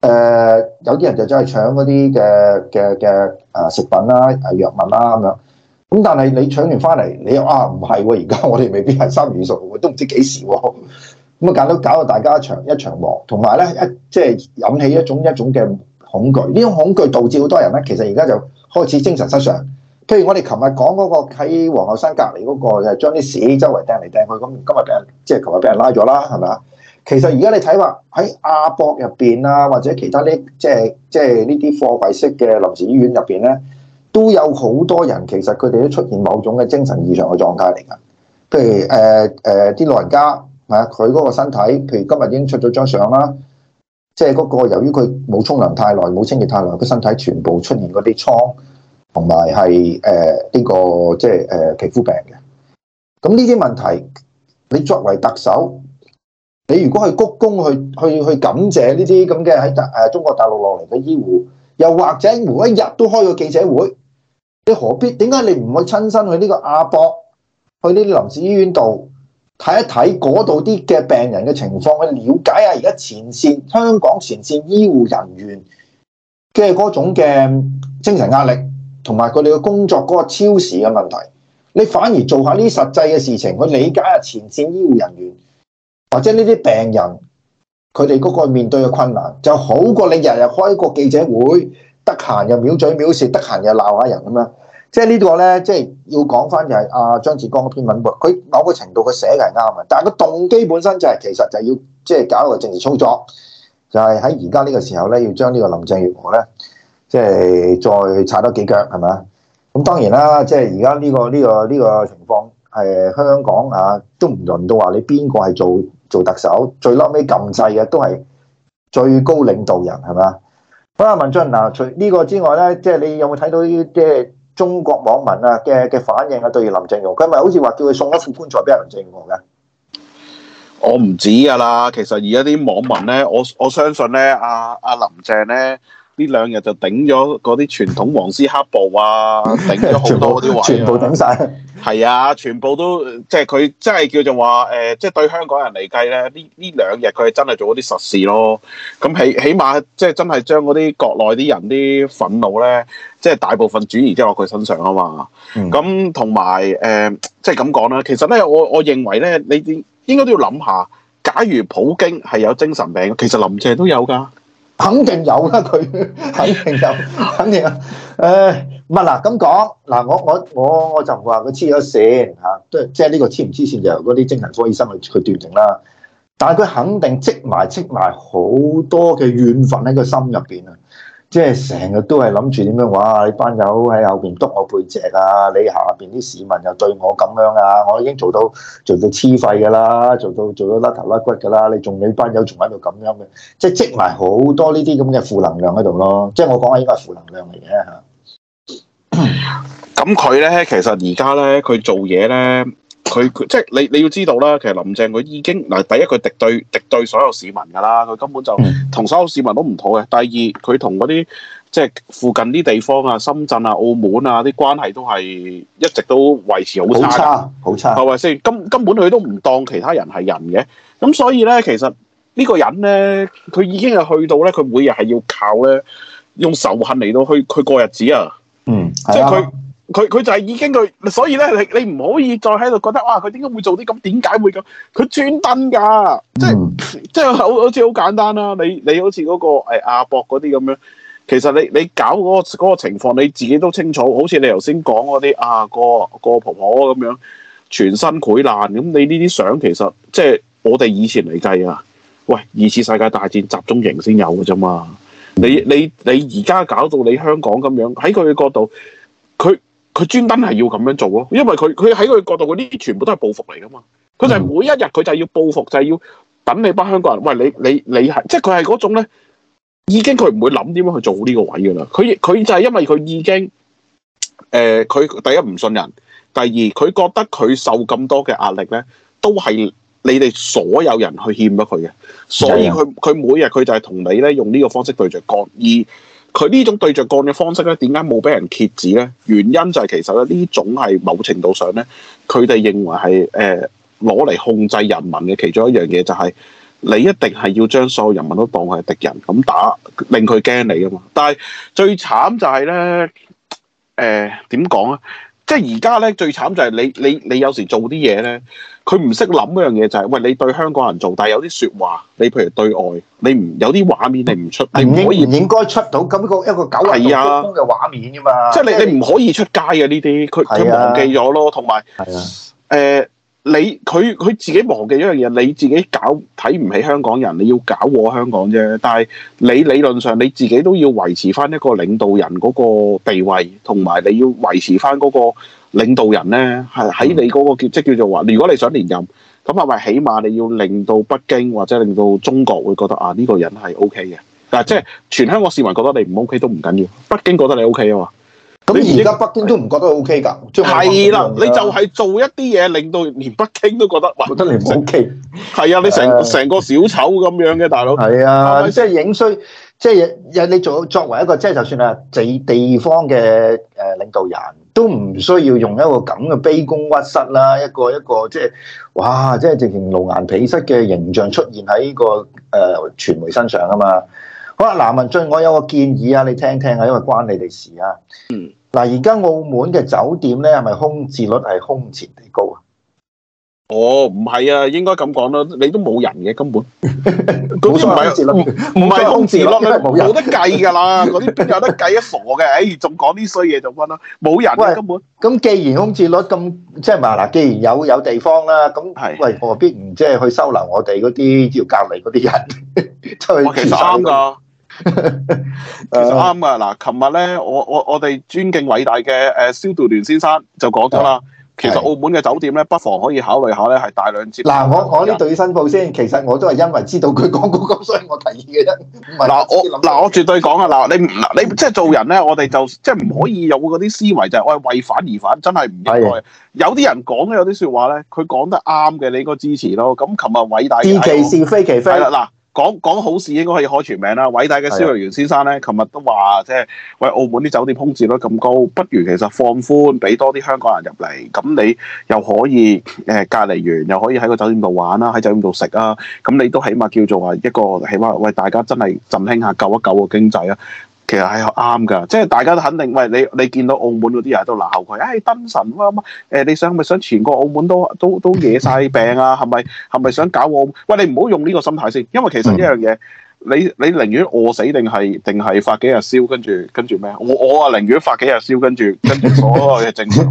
就係誒有啲人就真係搶嗰啲嘅嘅嘅啊食品啦、藥物啦咁樣。咁但係你搶完翻嚟，你又啊唔係喎，而家我哋未必係三月二十號，都唔知幾時喎。咁啊，搞到搞到大家一場一場忙，同埋咧，即係引起一種一種嘅恐懼。呢種恐懼導致好多人咧，其實而家就開始精神失常。譬如我哋琴日講嗰個喺皇后山隔籬嗰個，就將啲屎周圍掟嚟掟去，咁今日俾人即係琴日俾人拉咗啦，係咪啊？其實而家你睇話喺亞博入邊啊，或者其他啲即係即係呢啲貨幣式嘅臨時醫院入邊咧。都有好多人，其實佢哋都出現某種嘅精神異常嘅狀態嚟噶。譬如誒誒啲老人家啊，佢嗰個身體，譬如今日已經出咗張相啦，即係嗰個由於佢冇沖涼太耐，冇清潔太耐，佢身體全部出現嗰啲瘡，同埋係誒呢個即係誒皮膚病嘅。咁呢啲問題，你作為特首，你如果去鞠躬去去去，去感謝呢啲咁嘅喺大誒中國大陸落嚟嘅醫護，又或者每一日都開個記者會。你何必？點解你唔去親身去呢個亞博，去呢啲臨時醫院度睇一睇嗰度啲嘅病人嘅情況，去了解下而家前線香港前線醫護人員嘅嗰種嘅精神壓力，同埋佢哋嘅工作嗰個超時嘅問題，你反而做下呢實際嘅事情，去理解下前線醫護人員或者呢啲病人佢哋嗰個面對嘅困難，就好過你日日開個記者會。得閒又藐嘴藐舌，得閒又鬧下人咁樣，即係呢個咧，即係要講翻就係阿、啊、張志剛篇文佢某個程度佢寫嘅係啱嘅，但係個動機本身就係、係、其實就係要即係搞一個政治操作，就係喺而家呢個時候咧，要將呢個林鄭月娥咧，即係再踩多幾腳係咪？咁當然啦，即係而家呢個呢、呢個呢、呢個情況，係香港啊，都唔輪到話你邊個係做做特首，最撈尾㩒掣嘅都係最高領導人係咪啊？好嗱，文俊。嗱，除呢個之外咧，即係你有冇睇到呢啲即係中國網民啊嘅嘅反應啊？對林鄭容，佢咪好似話叫佢送一副棺材俾林鄭容嘅？我唔知噶啦，其實而家啲網民咧，我我相信咧，阿、啊、阿、啊、林鄭咧。呢兩日就頂咗嗰啲傳統黃絲黑暴啊， 頂咗好多嗰啲位啊，全，全部頂曬。係啊，全部都即係佢，即係叫做話誒、呃，即係對香港人嚟計咧，呢呢兩日佢係真係做咗啲實事咯。咁、嗯、起起碼即係真係將嗰啲國內啲人啲憤怒咧，即係大部分轉移咗落佢身上啊嘛。咁同埋誒，即係咁講啦。其實咧，我我認為咧，你哋應該都要諗下，假如普京係有精神病，其實林鄭都有㗎。 肯定有啦，佢肯定有，肯定啊！誒，唔係嗱，咁講嗱，我我我我就唔話佢黐咗線嚇，即係即係呢個黐唔黐線就是、由嗰啲精神科醫生去佢斷定啦。但係佢肯定積埋積埋好多嘅怨憤喺個心入邊啊！即係成日都係諗住點樣？哇！你班友喺後邊督我背脊啊！你下邊啲市民又對我咁樣啊！我已經做到做到黐肺㗎啦，做到做到甩頭甩骨㗎啦！你仲你班友仲喺度咁樣嘅，即係積埋好多呢啲咁嘅負能量喺度咯。即係我講緊應該係負能量嚟嘅嚇。咁佢咧，其實而家咧，佢做嘢咧。佢即係你你要知道啦，其實林鄭佢已經嗱，第一佢敵對敵對所有市民噶啦，佢根本就同所有市民都唔妥嘅。第二，佢同嗰啲即係附近啲地方啊、深圳啊、澳門啊啲關係都係一直都維持好差、差，好差係咪先？根根本佢都唔當其他人係人嘅。咁所以咧，其實呢個人咧，佢已經係去到咧，佢每日係要靠咧用仇恨嚟到去佢過日子啊。嗯，即係佢。佢佢就係已經佢，所以咧，你你唔可以再喺度覺得哇，佢點解會做啲咁？點解會咁？佢專登㗎，即係、mm hmm. 即係好似好簡單啦、啊。你你好似嗰、嗰個、哎、阿博嗰啲咁樣，其實你你搞嗰、嗰個嗰個情況，你自己都清楚。好似你頭先講嗰啲啊個個婆婆咁樣，全身潰爛咁。你呢啲相其實即係我哋以前嚟計啊，喂，二次世界大戰集中營先有嘅啫嘛。你你你而家搞到你香港咁樣，喺佢嘅角度，佢。佢專登係要咁樣做咯，因為佢佢喺佢角度，佢呢啲全部都係報復嚟噶嘛。佢就係每一日佢就係要報復，就係、是、要等你班香港人。喂，你你你係即係佢係嗰種咧，已經佢唔會諗點樣去做呢個位噶啦。佢佢就係因為佢已經誒、呃，佢第一唔信任，第二佢覺得佢受咁多嘅壓力咧，都係你哋所有人去欠咗佢嘅，所以佢佢每日佢就係同你咧用呢個方式對着惡意。佢呢種對着幹嘅方式咧，點解冇俾人揭止咧？原因就係、是、其實咧，呢種係某程度上咧，佢哋認為係誒攞嚟控制人民嘅其中一樣嘢，就是，就係你一定係要將所有人民都當係敵人咁打，令佢驚你啊嘛！但係最慘就係、是、咧，誒點講啊？即係而家咧，最慘就係你你你有時做啲嘢咧，佢唔識諗嗰樣嘢就係、是，喂，你對香港人做，但係有啲説話，你譬如對外，你唔有啲畫面你唔出，你唔可以應該出到咁一個狗仔樣嘅畫面㗎嘛。啊、即係你你唔可以出街嘅呢啲，佢佢、啊、忘記咗咯，同埋誒。你佢佢自己忘記一樣嘢，你自己搞睇唔起香港人，你要搞我香港啫。但係你理論上你自己都要維持翻一個領導人嗰個地位，同埋你要維持翻嗰個領導人呢，係喺你嗰、嗰個叫、嗯、即叫做話，如果你想連任，咁係咪起碼你要令到北京或者令到中國會覺得啊呢、呢個人係 O K 嘅？嗱，即係全香港市民覺得你唔 O K 都唔緊要，北京覺得你 O K 啊嘛。咁而家北京都唔覺得 O K 㗎，係啦，你就係做一啲嘢，令到連北京都覺得覺得你唔 O K，係啊，你成成個小丑咁樣嘅大佬，係啊，即係影衰，即係你做作為一個即係就算啊地地方嘅誒領導人，都唔需要用一個咁嘅卑躬屈膝啦，一個一個即係哇，即係直情露顏鄙色嘅形象出現喺呢個誒傳媒身上啊嘛。好啦，南文進，我有個建議啊，你聽聽啊，因為關你哋事啊，嗯。嗱，而家澳門嘅酒店咧，係咪空置率係空前地高啊？哦，唔係啊，應該咁講咯，你都冇人嘅根本，嗰啲唔係唔係空置率，冇得計噶啦，嗰啲 有得計啊，傻嘅，哎，仲講啲衰嘢做乜啦？冇人嘅根本，咁、 哎、既然空置率咁，即係嘛嗱，既然有有地方啦，咁，係、呃、喂，何必唔即係去收留我哋嗰啲要隔離嗰啲人？我係三個。 其實啱啊，嗱，琴日咧，我我我哋尊敬偉大嘅誒蕭道聯先生就講咗啦。的其實澳門嘅酒店咧，不妨可以考慮下咧，係大兩折。嗱，我我呢對申報先，其實我都係因為知道佢講嗰個，所以我提議嘅啫。嗱，我嗱我絕對講啊，嗱，你你即係做人咧，我哋就即係唔可以有嗰啲思維就係、是、我為反而反，真係唔應該。的有啲人講嘅，有啲說話咧，佢講得啱嘅，你應該支持咯。咁琴日偉大。是其是，非其非。啦，嗱。講講好事應該可以開全名啦！偉大嘅銷售員先生咧，琴日都話即係喂澳門啲酒店空置率咁高，不如其實放寬，俾多啲香港人入嚟，咁你又可以誒、呃、隔離完又可以喺個酒店度玩啦，喺酒店度食啊，咁你都起碼叫做話一個起碼喂大家真係振興下救一救個經濟啊！其實係啱噶，即係大家都肯定。喂，你你見到澳門嗰啲人喺度鬧佢，哎，登神乜誒，你想咪想全個澳門都都都惹晒病啊？係咪係咪想搞我？喂，你唔好用呢個心態先，因為其實一樣嘢、嗯，你你寧願餓死定係定係發幾日燒，跟住跟住咩？我我啊寧願發幾日燒，跟住跟住所有嘅正常。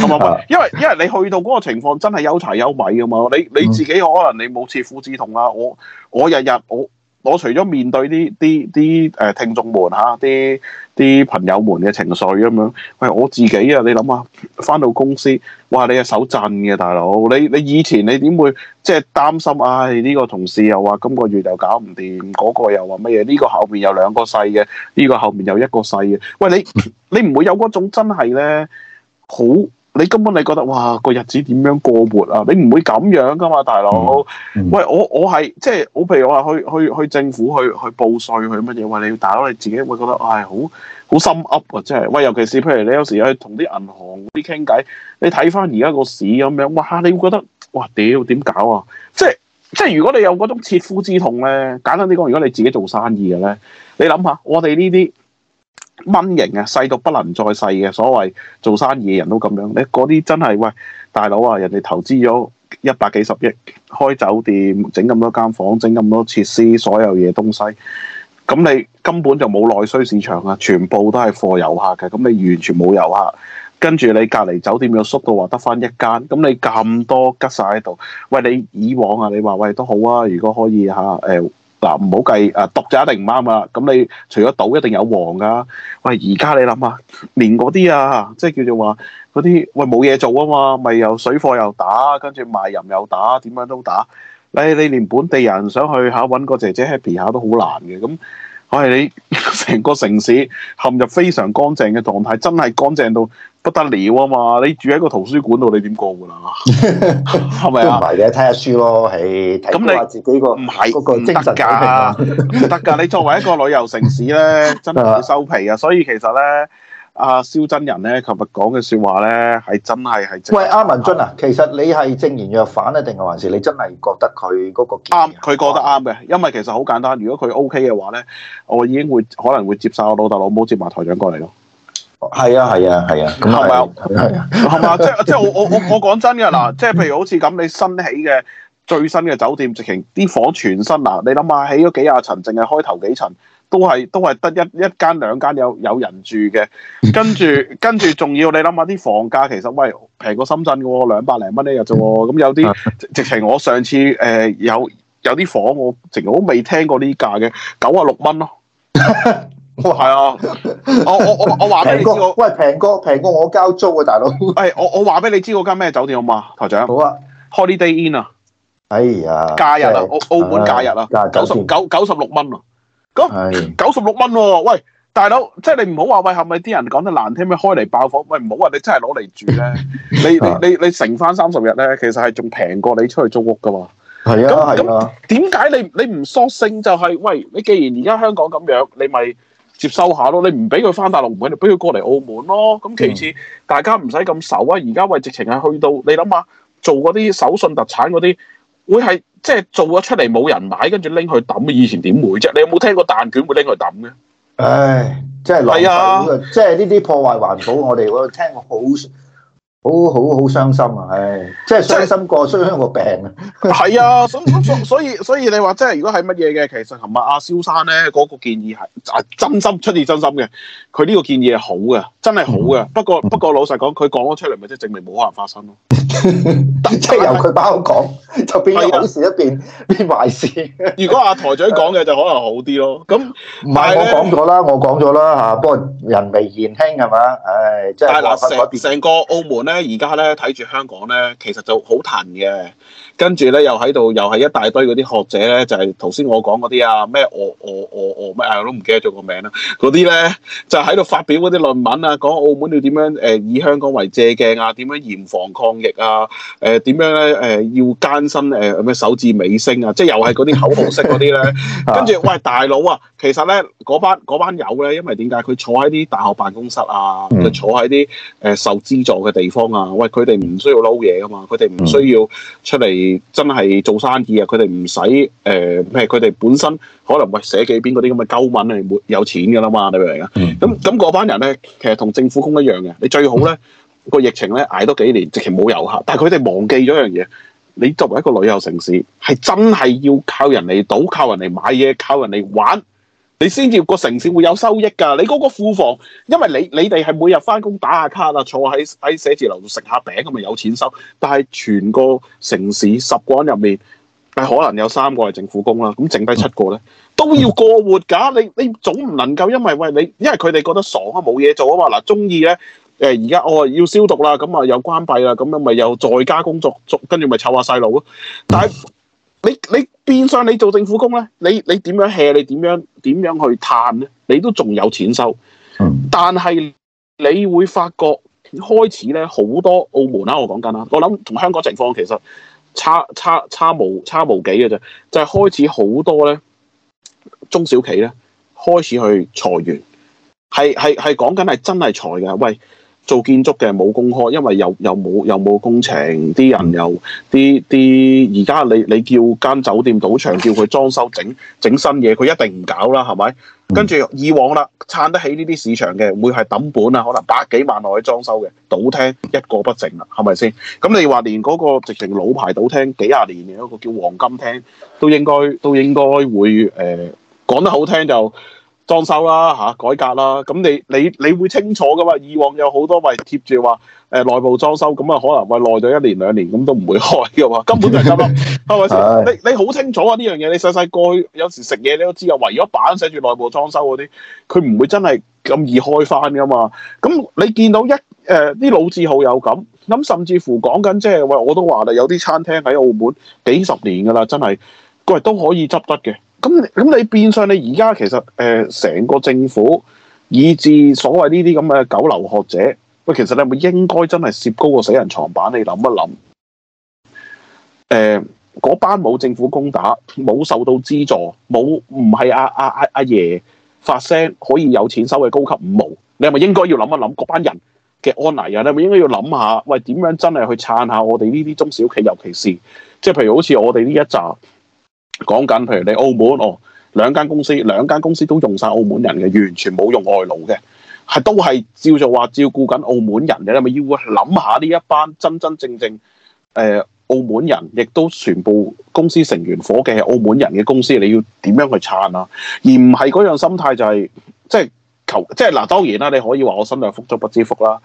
同埋 因為因為你去到嗰個情況，真係有柴有米噶嘛？你你，你自己可能你冇切膚之痛啊，我我日日我。我除咗面對啲啲啲誒聽眾們嚇，啲啲朋友們嘅情緒咁樣，喂我自己啊，你諗下翻到公司，哇，你嘅手震嘅大佬，你你以前你點會即係擔心呀？唉、哎，呢、這個同事又話今個月又搞唔掂，嗰、那個又話乜嘢？呢、這個後面有兩個細嘅，呢、這個後面有一個細嘅。喂，你你唔會有嗰種真係咧好？你根本你覺得哇個日子點樣過活啊？你唔會咁樣噶嘛、啊，大佬？嗯嗯、喂，我我係即係我譬如話去去去政府去去報稅去乜嘢？喂，你大佬你自己會覺得唉，好好心噏啊！即係喂，尤其是譬如你有時去同啲銀行啲傾偈，你睇翻而家個市咁樣，哇！你會覺得哇屌點搞啊？即係即係如果你有嗰種切膚之痛咧，簡單啲講，如果你自己做生意嘅咧，你諗下我哋呢啲。蚊型啊，細到不能再細嘅，所謂做生意嘅人都咁樣。你嗰啲真係喂，大佬啊，人哋投資咗一百幾十億開酒店，整咁多間房間，整咁多設施，所有嘢東西，咁你根本就冇內需市場啊，全部都係貨遊客嘅，咁你完全冇遊客。跟住你隔籬酒店嘅縮到話得返一間，咁你咁多吉晒喺度，喂，你以往啊，你話喂都好啊，如果可以吓誒。啊呃嗱，唔好計，誒，毒就一定唔啱啦。咁你除咗賭，一定有黃噶。喂，而家你諗下，連嗰啲啊，即係叫做話嗰啲，喂，冇嘢做啊嘛，咪又水貨又打，跟住賣淫又打，點樣都打。你你連本地人想去下揾個姐姐 happy 下都好難嘅。咁我係你成個城市陷入非常乾淨嘅狀態，真係乾淨到～不得了啊嘛！你住喺個圖書館度，你點過噶啦？係咪？ 唔係嘅，睇下書咯。唉，咁你話自己個唔係嗰個精神唔得㗎， 你作為一個旅遊城市咧， 真係要收皮啊！所以其實咧，阿、啊、蕭真人咧，琴日講嘅説話咧，係真係係。喂，阿文進啊，其實你係正言若反咧，定係還是你真係覺得佢嗰個啱？佢覺得啱嘅，因為其實好簡單。如果佢 OK 嘅話咧，我已經會可能會接受。我老豆老母接埋台長過嚟咯。係啊係啊係啊，咁係咪？係啊，係咪？即係即係我我我我講真嘅嗱，即係譬如好似咁，你新起嘅最新嘅酒店直情啲房全新嗱，你諗下起咗幾廿層，淨係開頭幾層都係都係得一一間兩間有有人住嘅，跟住跟住仲要你諗下啲房價，其實喂平過深圳嘅兩百零蚊一日啫，咁有啲直情我上次誒有有啲房我直情都未聽過呢價嘅九啊六蚊咯。哇，係、哦、啊！我我我我話俾你知，我喂平過平過我交租啊，大佬！誒、哎，我我話俾你知嗰間咩酒店好嘛，台長？好啊，Holiday Inn 啊！哎呀，假日啊，澳、哎、呀澳門假日啊，九十九九十六蚊啊，咁九十六蚊喎！喂，大佬，即係你唔好話喂，係咪啲人講得難聽咩開嚟爆火？喂，唔好話你真係攞嚟住咧、啊， 你你你你，你，你，你乘翻三十日咧，其實係仲平過你出去租屋噶嘛？係啊， 咁啊！點解你你唔索性就係、是、喂？你既然而家香港咁樣，你咪。接收下咯，你唔俾佢翻大陸，唔俾你，俾佢過嚟澳門咯。咁其次，大家唔使咁愁啊。而家喂，直情係去到，你諗下做嗰啲手信特產嗰啲，會係即係做咗出嚟冇人買，跟住拎去抌。以前點會啫？你有冇聽過蛋卷會拎去抌嘅？唉，真係垃圾，啊、即係呢啲破壞環保。 我哋我聽過好。好好好傷心啊！唉，即係傷心過，傷心過病啊！係啊，所以所以所以你話即係如果係乜嘢嘅，其實琴日阿蕭生咧嗰個建議係啊真心出自真心嘅，佢呢個建議係好嘅，真係好嘅。不過不過老實講，佢講咗出嚟咪即係證明冇可能發生咯。即係由佢把口講，就變咗好事一變變壞事。如果阿台長講嘅就可能好啲咯。咁唔係我講咗啦，我講咗啦嚇。不過人微言輕係嘛？唉，即係成個澳門咧。而家咧，睇住香港咧，其實就好彈嘅。跟住咧，又喺度，又係一大堆嗰啲學者咧，就係頭先我講嗰啲啊，咩我我我我咩啊，我都唔記得咗個名啦。嗰啲咧就喺度發表嗰啲論文啊，講澳門要點樣誒以香港為借鏡啊，點樣嚴防抗疫啊，誒點樣咧誒要艱辛誒咩首字尾聲啊，即係又係嗰啲口號式嗰啲咧。跟住喂大佬啊，其實咧嗰班嗰班友咧，因為點解佢坐喺啲大學辦公室啊，佢坐喺啲誒受資助嘅地方啊，喂佢哋唔需要撈嘢啊嘛，佢哋唔需要出嚟。真係做生意啊！佢哋唔使誒咩？佢、呃、哋本身可能喂寫幾篇嗰啲咁嘅鳩文嚟，冇有錢噶啦嘛，你明唔明啊？咁咁嗰班人咧，其實同政府工一樣嘅。你最好咧，個、嗯、疫情咧挨多幾年，直情冇遊客。但係佢哋忘記咗一樣嘢，你作為一個旅遊城市，係真係要靠人嚟賭，靠人嚟買嘢，靠人嚟玩。你先至個城市會有收益㗎，你嗰個庫房，因為你你哋係每日翻工打下卡啊，坐喺喺寫字樓度食下餅咁咪有錢收。但係全個城市十個人入面，係可能有三個係政府工啦，咁剩低七個咧都要過活㗎。你你總唔能夠，因為喂你，因為佢哋覺得爽啊，冇嘢做啊嘛。嗱，中意咧誒，而家我要消毒啦，咁啊又關閉啦，咁咪又在家工作，跟住咪湊下細路咯。但係。你你變相你做政府工咧，你你點樣吃？你點樣點樣去嘆咧？你都仲有錢收，但係你會發覺開始咧好多澳門啦、啊，我講緊啦，我諗同香港情況其實差差差無差無幾嘅啫，就係開始好多咧中小企咧開始去裁員，係係係講緊係真係裁嘅，喂！做建築嘅冇工開，因為又又冇又冇工程，啲人又啲啲。而家你你叫間酒店、賭場叫佢裝修整整新嘢，佢一定唔搞啦，係咪？跟住以往啦，撐得起呢啲市場嘅，會係揼本啊，可能百幾萬落去裝修嘅賭廳一個不剩啦，係咪先？咁你話連嗰個直情老牌賭廳幾廿年嘅一個叫黃金廳，都應該都應該會誒講得好聽就。裝修啦嚇、啊，改革啦，咁、啊、你你你會清楚噶嘛？以往有好多位貼住話誒內部裝修，咁啊可能話耐咗一年兩年，咁都唔會開噶嘛，根本就係咁咯，係咪先？你你好清楚啊，呢樣嘢，你細細個有時食嘢你都知啊，圍咗板寫住內部裝修嗰啲，佢唔會真係咁易開翻噶嘛。咁你見到一誒啲、呃、老字號有咁，咁甚至乎講緊即係話我都話啦，有啲餐廳喺澳門幾十年噶啦，真係佢係都可以執得嘅。咁咁你變相你而家其實誒成、呃、個政府以至所謂呢啲咁嘅九流學者，喂，其實你係咪應該真係涉高個死人床板？你諗一諗，誒嗰班冇政府攻打、冇受到資助、冇唔係阿阿阿阿爺發聲可以有錢收嘅高級五毛，你係咪應該要諗一諗嗰班人嘅安危呀？你係咪應該要諗下？喂，點樣真係去撐下我哋呢啲中小企？尤其是即係譬如好似我哋呢一集。講緊，譬如你澳門哦，兩間公司兩間公司都用晒澳門人嘅，完全冇用外勞嘅，係都係照做話照顧緊澳門人嘅，你咪要諗下呢一班真真正正誒、呃、澳門人，亦都全部公司成員伙計係澳門人嘅公司，你要點樣去撐啦，啊？而唔係嗰樣心態就係、是、即係求即係嗱、啊，當然啦，你可以話我身在福中不知福啦。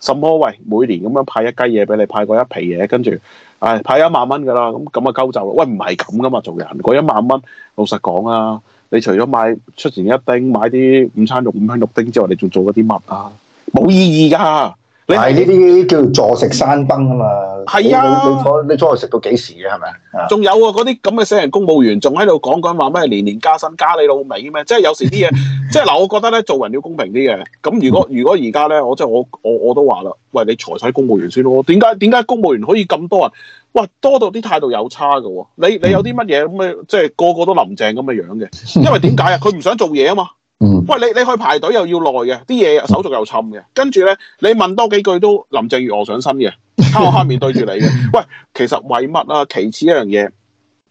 什麼？喂，每年咁樣派一雞嘢俾你，派過一皮嘢，跟住，唉，派一萬蚊㗎啦，咁咁啊鳩就啦。喂，唔係咁噶嘛，做人嗰一萬蚊，老實講啊，你除咗買出前一丁買啲午餐肉、五香肉丁之外，你仲做咗啲乜啊？冇意義㗎啊。你係呢啲叫坐食山崩啊嘛，係啊你你，你坐你坐食到幾時嘅係咪？仲有啊，嗰啲咁嘅死人公務員仲喺度講緊話咩年年加薪加你老味咩？即係有時啲嘢，即係嗱，我覺得咧做人要公平啲嘅。咁如果如果而家咧，我即係我我我都話啦，喂，你裁曬公務員先咯。點解點解公務員可以咁多人？哇，多到啲態度有差嘅喎。你你有啲乜嘢咁嘅？即係 個個都林鄭咁嘅樣嘅。因為點解啊？佢唔想做嘢啊嘛。嗯、喂，你你去排隊又要耐嘅，啲嘢手續又沉嘅，跟住咧，你問多幾句都林鄭月娥上身嘅，敲下面對住你嘅。 喂，其實為乜啊？其次一樣嘢，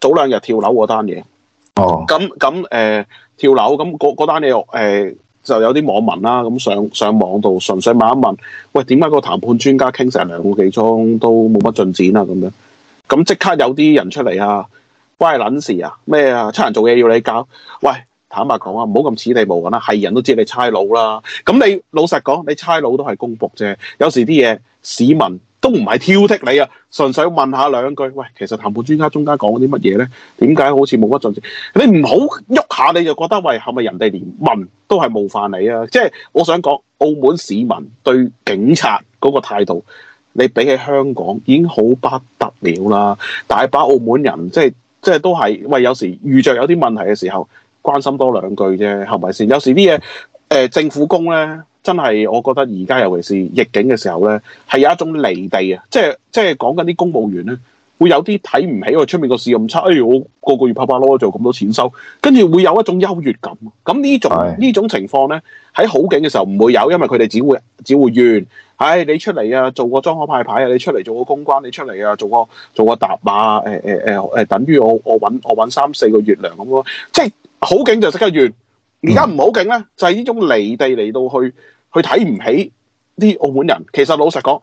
早兩日跳樓嗰單嘢。哦，咁咁誒，跳樓咁嗰嗰單嘢，誒、呃，就有啲網民啦、啊，咁上上網度，純粹問一問，喂，點解個談判專家傾成兩個幾鐘都冇乜進展啊？咁樣，咁即刻有啲人出嚟啊，關你撚事啊，咩啊，出人做嘢要你搞。喂。坦白講啊，唔好咁此地無銀啦，係人都知你差佬啦。咁你老實講，你差佬都係公僕啫。有時啲嘢市民都唔係挑剔你啊，純粹問下兩句。喂，其實談判專家中間講啲乜嘢咧？點解好似冇乜進展？你唔好喐下，你就覺得喂係咪人哋連問都係冒犯你啊？即係我想講，澳門市民對警察嗰個態度，你比起香港已經好不得了啦。大把澳門人即係即係都係喂，有時遇着有啲問題嘅時候。關心多兩句啫，係咪先？有時啲嘢，誒政府工咧，真係我覺得而家尤其是逆境嘅時候咧，係有一種離地啊！即係即係講緊啲公務員咧，會有啲睇唔起我出面個市咁差，哎對！我個個月拍拍攞做咁多錢收，跟住會有一種優越感。咁呢種呢種情況咧，喺好景嘅時候唔會有，因為佢哋只會只會怨。唉、哎，你出嚟啊，做個莊可派牌啊，你出嚟做個公關，你出嚟啊，做個做個搭馬啊，誒誒誒誒，等於我我揾我揾三四個月糧咁咯，即係好景就食得個月，而家唔好景咧，就係、是，呢種離地嚟到去去睇唔起啲澳門人。其實老實講，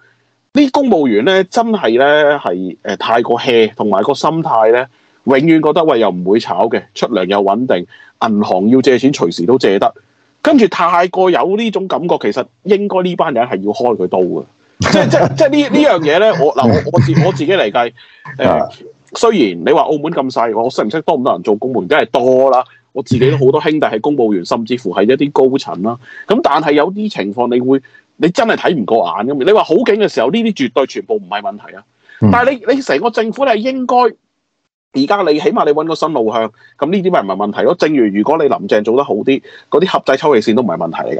啲公務員咧真係咧係誒太過 hea，同埋個心態咧永遠覺得喂，哎、又唔會炒嘅，出糧又穩定，銀行要借錢隨時都借得。跟住太過有呢種感覺，其實應該呢班人係要開佢刀嘅， 即係即係即係呢呢樣嘢咧。我嗱我我自我，我自己嚟計，誒、呃、雖然你話澳門咁細，我識唔識多唔多人做公務員，梗係多啦。我自己都好多兄弟係公務員，甚至乎係一啲高層啦。咁但係有啲情況，你會你真係睇唔過眼咁。你話好景嘅時候，呢啲絕對全部唔係問題啊。但係你你成個政府係應該。而家你起碼你揾個新路向，咁呢啲咪唔係問題咯。正如如果你林鄭做得好啲，嗰啲合掣抽氣線都唔係問題嚟㗎。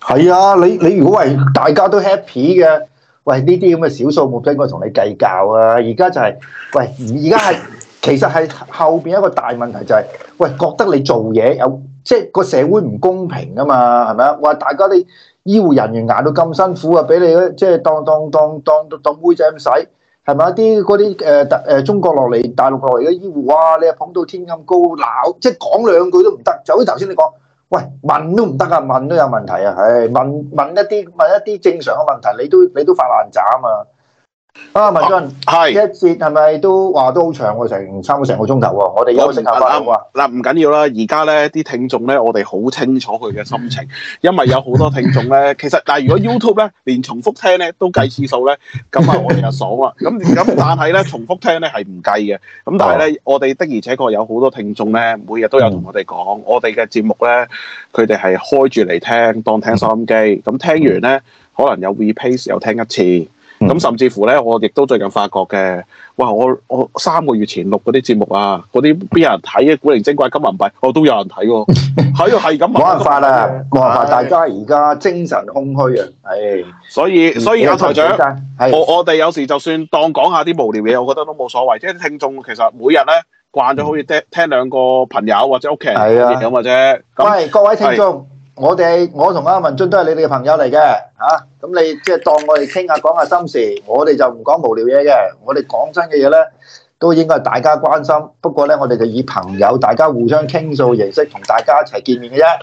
係啊，你你如果係大家都 happy 嘅，喂呢啲咁嘅小數目冇點解同你計較啊？而家就係、是，喂而家係其實係後邊一個大問題就係、是，喂覺得你做嘢有即係個社會唔公平啊嘛，係咪啊？話大家啲醫護人員捱到咁辛苦啊，俾你即係、就是、當當當當當妹仔咁使。係咪啲啲誒特誒中國落嚟大陸落嚟嘅醫護，哇！你又捧到天咁高鬧，即係講兩句都唔得。就好似頭先你講，喂問都唔得啊，問都有問題啊，唉問問一啲問一啲正常嘅問題，你都你都發爛渣啊嘛～Oh, 文 uh, 節是是啊，文進係一節係咪都話都好長喎？成三個成個鐘頭喎，uh, 啊啊、aine, 我哋休息下啱唔啱啊？嗱，唔緊要啦，而家咧啲聽眾咧，我哋好清楚佢嘅心情，因為有好多聽眾咧，其實但係如果 YouTube 咧連重複聽咧都計次數咧，咁啊我哋就爽啦。咁咁但係咧重複聽咧係唔計嘅。咁但係咧我哋的而且確有好多聽眾咧，每日都有同我哋講，嗯、né, 我哋嘅節目咧，佢哋係開住嚟聽，當 at 聽收音機。咁聽完咧，可能有 repeat 又聽一次。咁、嗯、甚至乎咧，我亦都最近發覺嘅，哇！我我三個月前錄嗰啲節目啊，嗰啲邊有人睇嘅、啊、古靈精怪金銀幣，我、哦、都有人睇喎、啊。係係咁，冇辦法啦，冇辦法。啊、大家而家精神空虛啊，係。所以所以而家台長， 啊、我我哋有時就算當講下啲無聊嘢，我覺得都冇所謂。即係聽眾其實每日咧慣咗，好似聽聽兩個朋友或者屋企人咁嘅啫。唔、啊、各位聽眾、啊。我哋我同阿文進都係你哋嘅朋友嚟嘅，嚇、啊、咁你即係、就是、當我哋傾下講下心事，我哋就唔講無聊嘢嘅，我哋講真嘅嘢咧，都應該係大家關心。不過咧，我哋就以朋友大家互相傾訴形式同大家一齊見面嘅啫。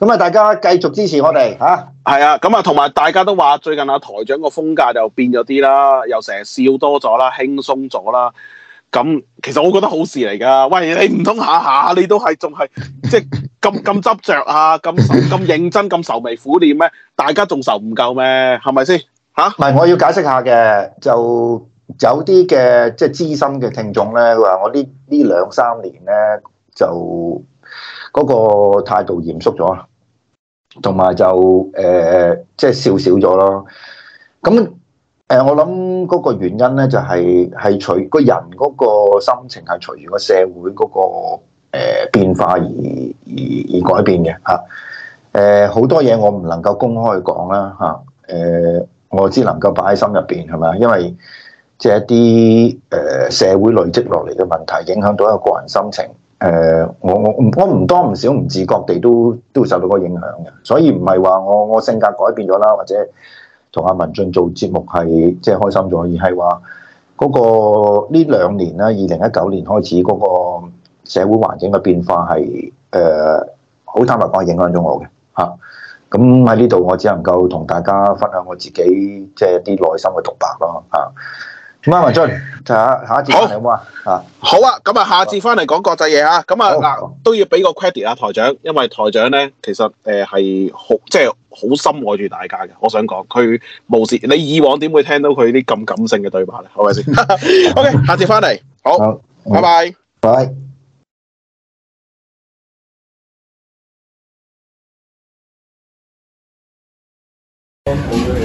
咁啊，大家繼續支持我哋嚇。係啊，咁啊，同埋大家都話最近阿台長個風格就變咗啲啦，又成日笑多咗啦，輕鬆咗啦。咁，其實我覺得好事嚟噶。喂，你唔通下下你都係仲係即係咁咁執着啊，咁咁認真，咁愁眉苦臉咩？大家仲愁唔夠咩？係咪先？嚇、啊？唔係，我要解釋下嘅，就有啲嘅即係資深嘅聽眾咧話，我呢呢兩三年咧就嗰、嗰個態度嚴肅咗，同埋就誒即係笑少咗咯。咁、呃。就係笑少誒，我諗嗰個原因咧、就是，就係係隨個人嗰個心情係隨住個社會嗰、那個誒、呃、變化而而而改變嘅吓。誒、啊，好多嘢我唔能夠公開講啦吓。誒、啊，我只能夠擺喺心入邊係咪？因為即係一啲誒、呃、社會累積落嚟嘅問題，影響到一個個人心情。誒、啊，我我唔我唔多唔少唔自覺地都都受到個影響嘅，所以唔係話我我性格改變咗啦，或者。同阿文進做節目係即係開心咗，而係話嗰個呢兩年啦，二零一九年開始嗰個社會環境嘅變化係誒好坦白講係影響咗我嘅嚇。咁喺呢度我只能夠同大家分享我自己即係啲內心嘅獨白咯嚇。咁、啊、阿、啊、文進下下一節好啊，好啊啊好啊咁啊下次翻嚟講國際嘢啊。咁啊嗱、啊啊、都要俾個 credit 啊台長，因為台長咧其實誒係好即係。好深愛住大家嘅，我想講佢無視你以往點會聽到佢啲咁感性嘅對話咧，係咪先？OK，下次翻嚟，好，拜拜，拜。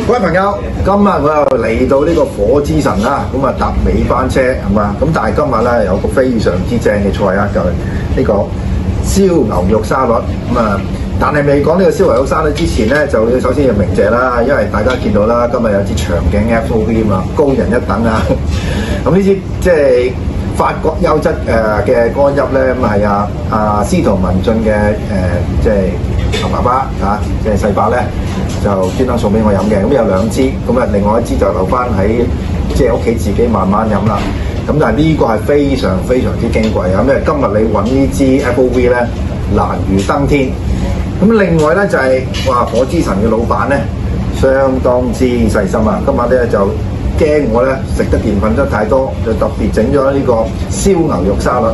各位朋友，今日我又嚟到呢個火之神啦，咁啊搭尾班車係嘛？咁但係今日咧有個非常之正嘅菜啊，就係呢個燒牛肉沙律，咁啊。但係未講呢個消維好山之前咧，就要首先要鳴謝啦。因為大家見到啦，今日有支長頸 FOV 啊，高人一等啊。咁呢、嗯、支即係法國優質誒嘅干邑咧，咁、呃、係啊啊，司徒文俊嘅誒即係阿爸爸啦，即係細、啊、伯咧，就專登送俾我飲嘅。咁、嗯、有兩支，咁、嗯、啊，另外一支就留翻喺即係屋企自己慢慢飲啦。咁、嗯、但係呢個係非常非常之矜貴啊！因、嗯、為今日你揾呢支 FOV 咧，難如登天。咁另外咧就係、是、哇，火之神嘅老闆咧，相當之細心啊！今晚咧就驚我咧食得澱粉質太多，就特別整咗呢個燒牛肉沙律。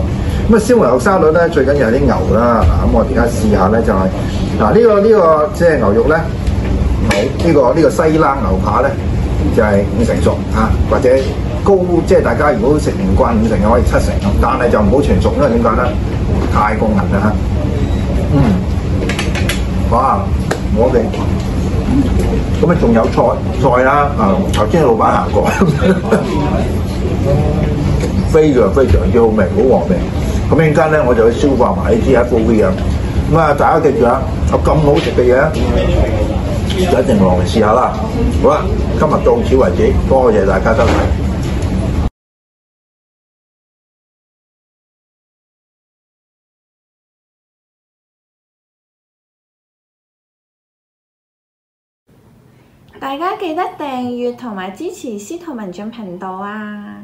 咁啊，燒牛肉沙律咧最緊要係啲牛啦。咁、啊、我而家試下咧就係、是、嗱，呢、啊這個呢、這個即係、這個這個、牛肉咧，牛呢、這個呢、這個西冷牛扒咧就係、是、五成熟嚇、啊，或者高即係、就是、大家如果食唔慣五成嘅，可以七成，但係就唔好全熟，因為點解咧？太過韌啦嚇。哇！我哋咁啊，仲有菜菜啦！啊，頭先阿老闆行過，非常非常之好味，好和味。咁一陣間咧，我就去消化埋呢支喺高啲嘅。咁啊，大家記住啊，有咁好食嘅嘢，大家一定落嚟試下啦！好啦，今日到此為止，多謝大家收睇。大家記得訂閱同埋支持司徒文進頻道啊！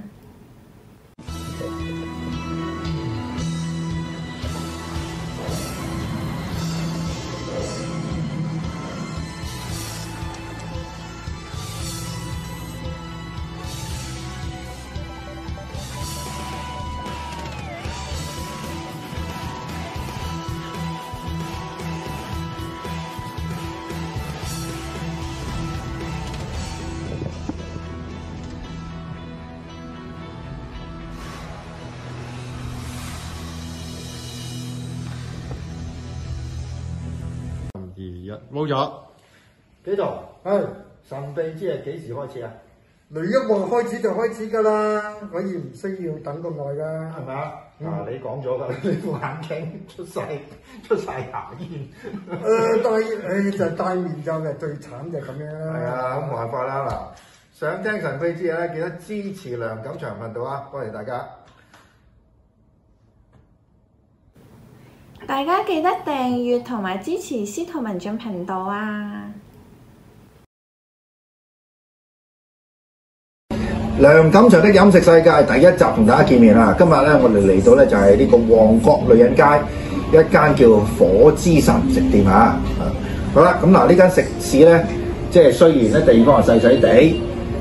冇咗，幾度，唉度，哎、神秘之夜幾時開始啊？雷一望開始就開始噶啦，可以唔需要等咁耐噶，係咪、嗯啊、你講咗啦，呢副眼鏡出晒出晒牙煙，誒，戴、呃，唉、 哎，就戴、是、面罩嘅 最慘就咁樣啦。啊，冇辦法啦。嗱，想聽神秘之夜咧，記得支持梁錦祥頻道啊，多謝，謝大家。大家記得訂閱同埋支持司徒文進頻道啊！梁錦祥的飲食世界第一集同大家見面啦！今日咧，我哋嚟到咧就係、是、呢個旺角女人街一間叫火之神食店啊！好啦，咁、嗯、嗱，呢間食肆咧，即係雖然咧地方係細細地。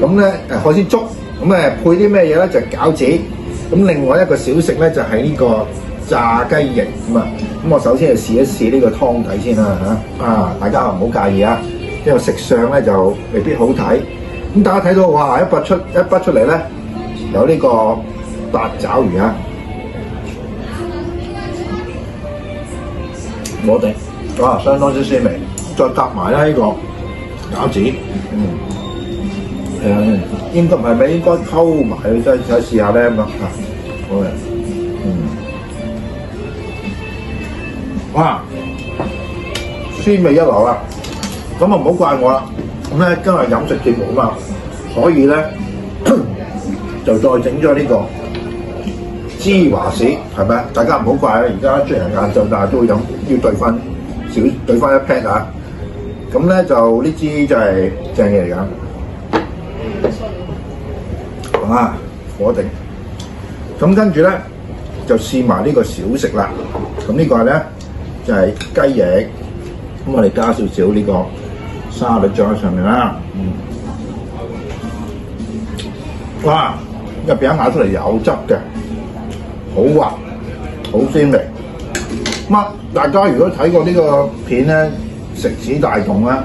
咁咧，誒海鮮粥，咁誒配啲咩嘢咧？就係、餃子，咁另外一個小食咧就係呢個炸雞翼，咁啊，咁我首先就試一試呢個湯底先啦嚇，啊大家唔好介意啊，因為食相咧就未必好睇，咁大家睇到哇一拔出一筆出嚟咧，有呢個八爪魚啊，攞定，哇相當之鮮味，再搭埋咧呢個餃子，嗯。誒、嗯，應該唔係咩？應該溝埋，即係試下咧嘛。好啊，嗯。哇，鮮味一流啊！咁就唔好怪我啦。今日飲食節目嘛，所以呢，就再整咗呢個芝華士，係咪啊？大家唔好怪現在要啊！而家雖然晏晝，但係都飲要對翻少對翻一 pat 啊。咁咧就呢支就係正嘢嚟㗎。啊，火定，咁跟住咧就試埋呢個小食啦。咁、這個、呢個咧就係、是、雞翼，咁我哋加少少呢個沙律醬喺上面啦。嗯，哇，入邊咬出嚟有汁嘅，好滑，好鮮味。咁、啊、大家如果睇過呢個片咧，食指大動啦，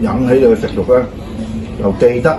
引起你嘅食欲咧，又記得。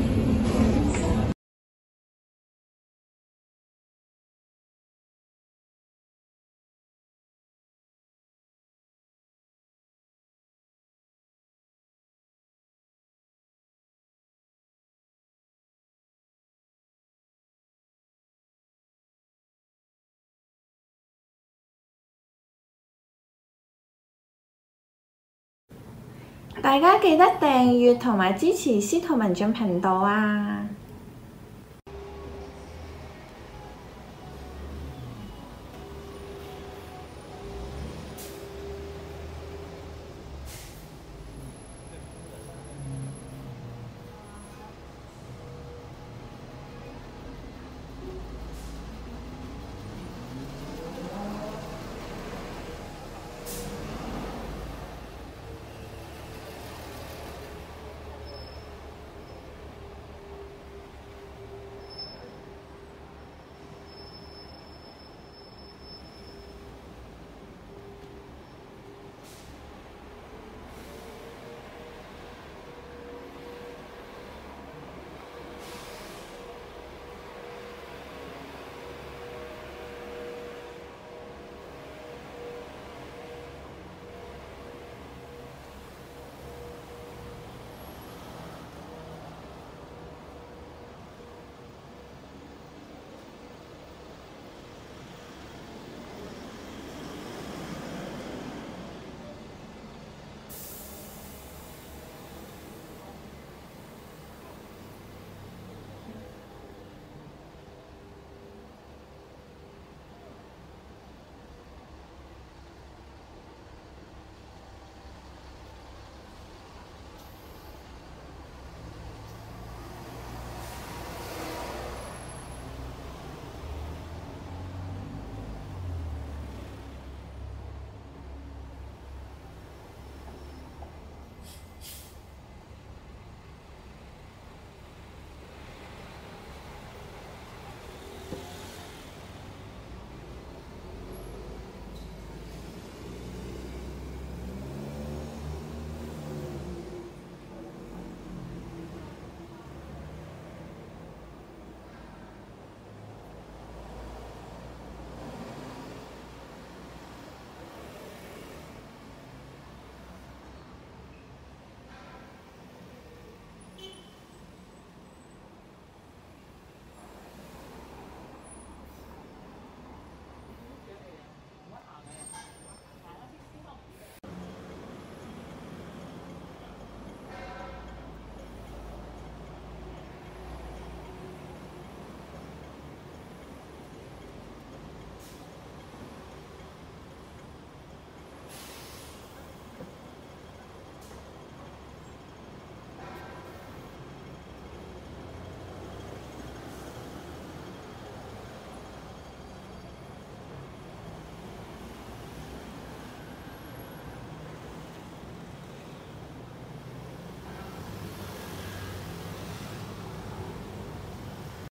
大家記得訂閱同埋支持司徒文進頻道啊！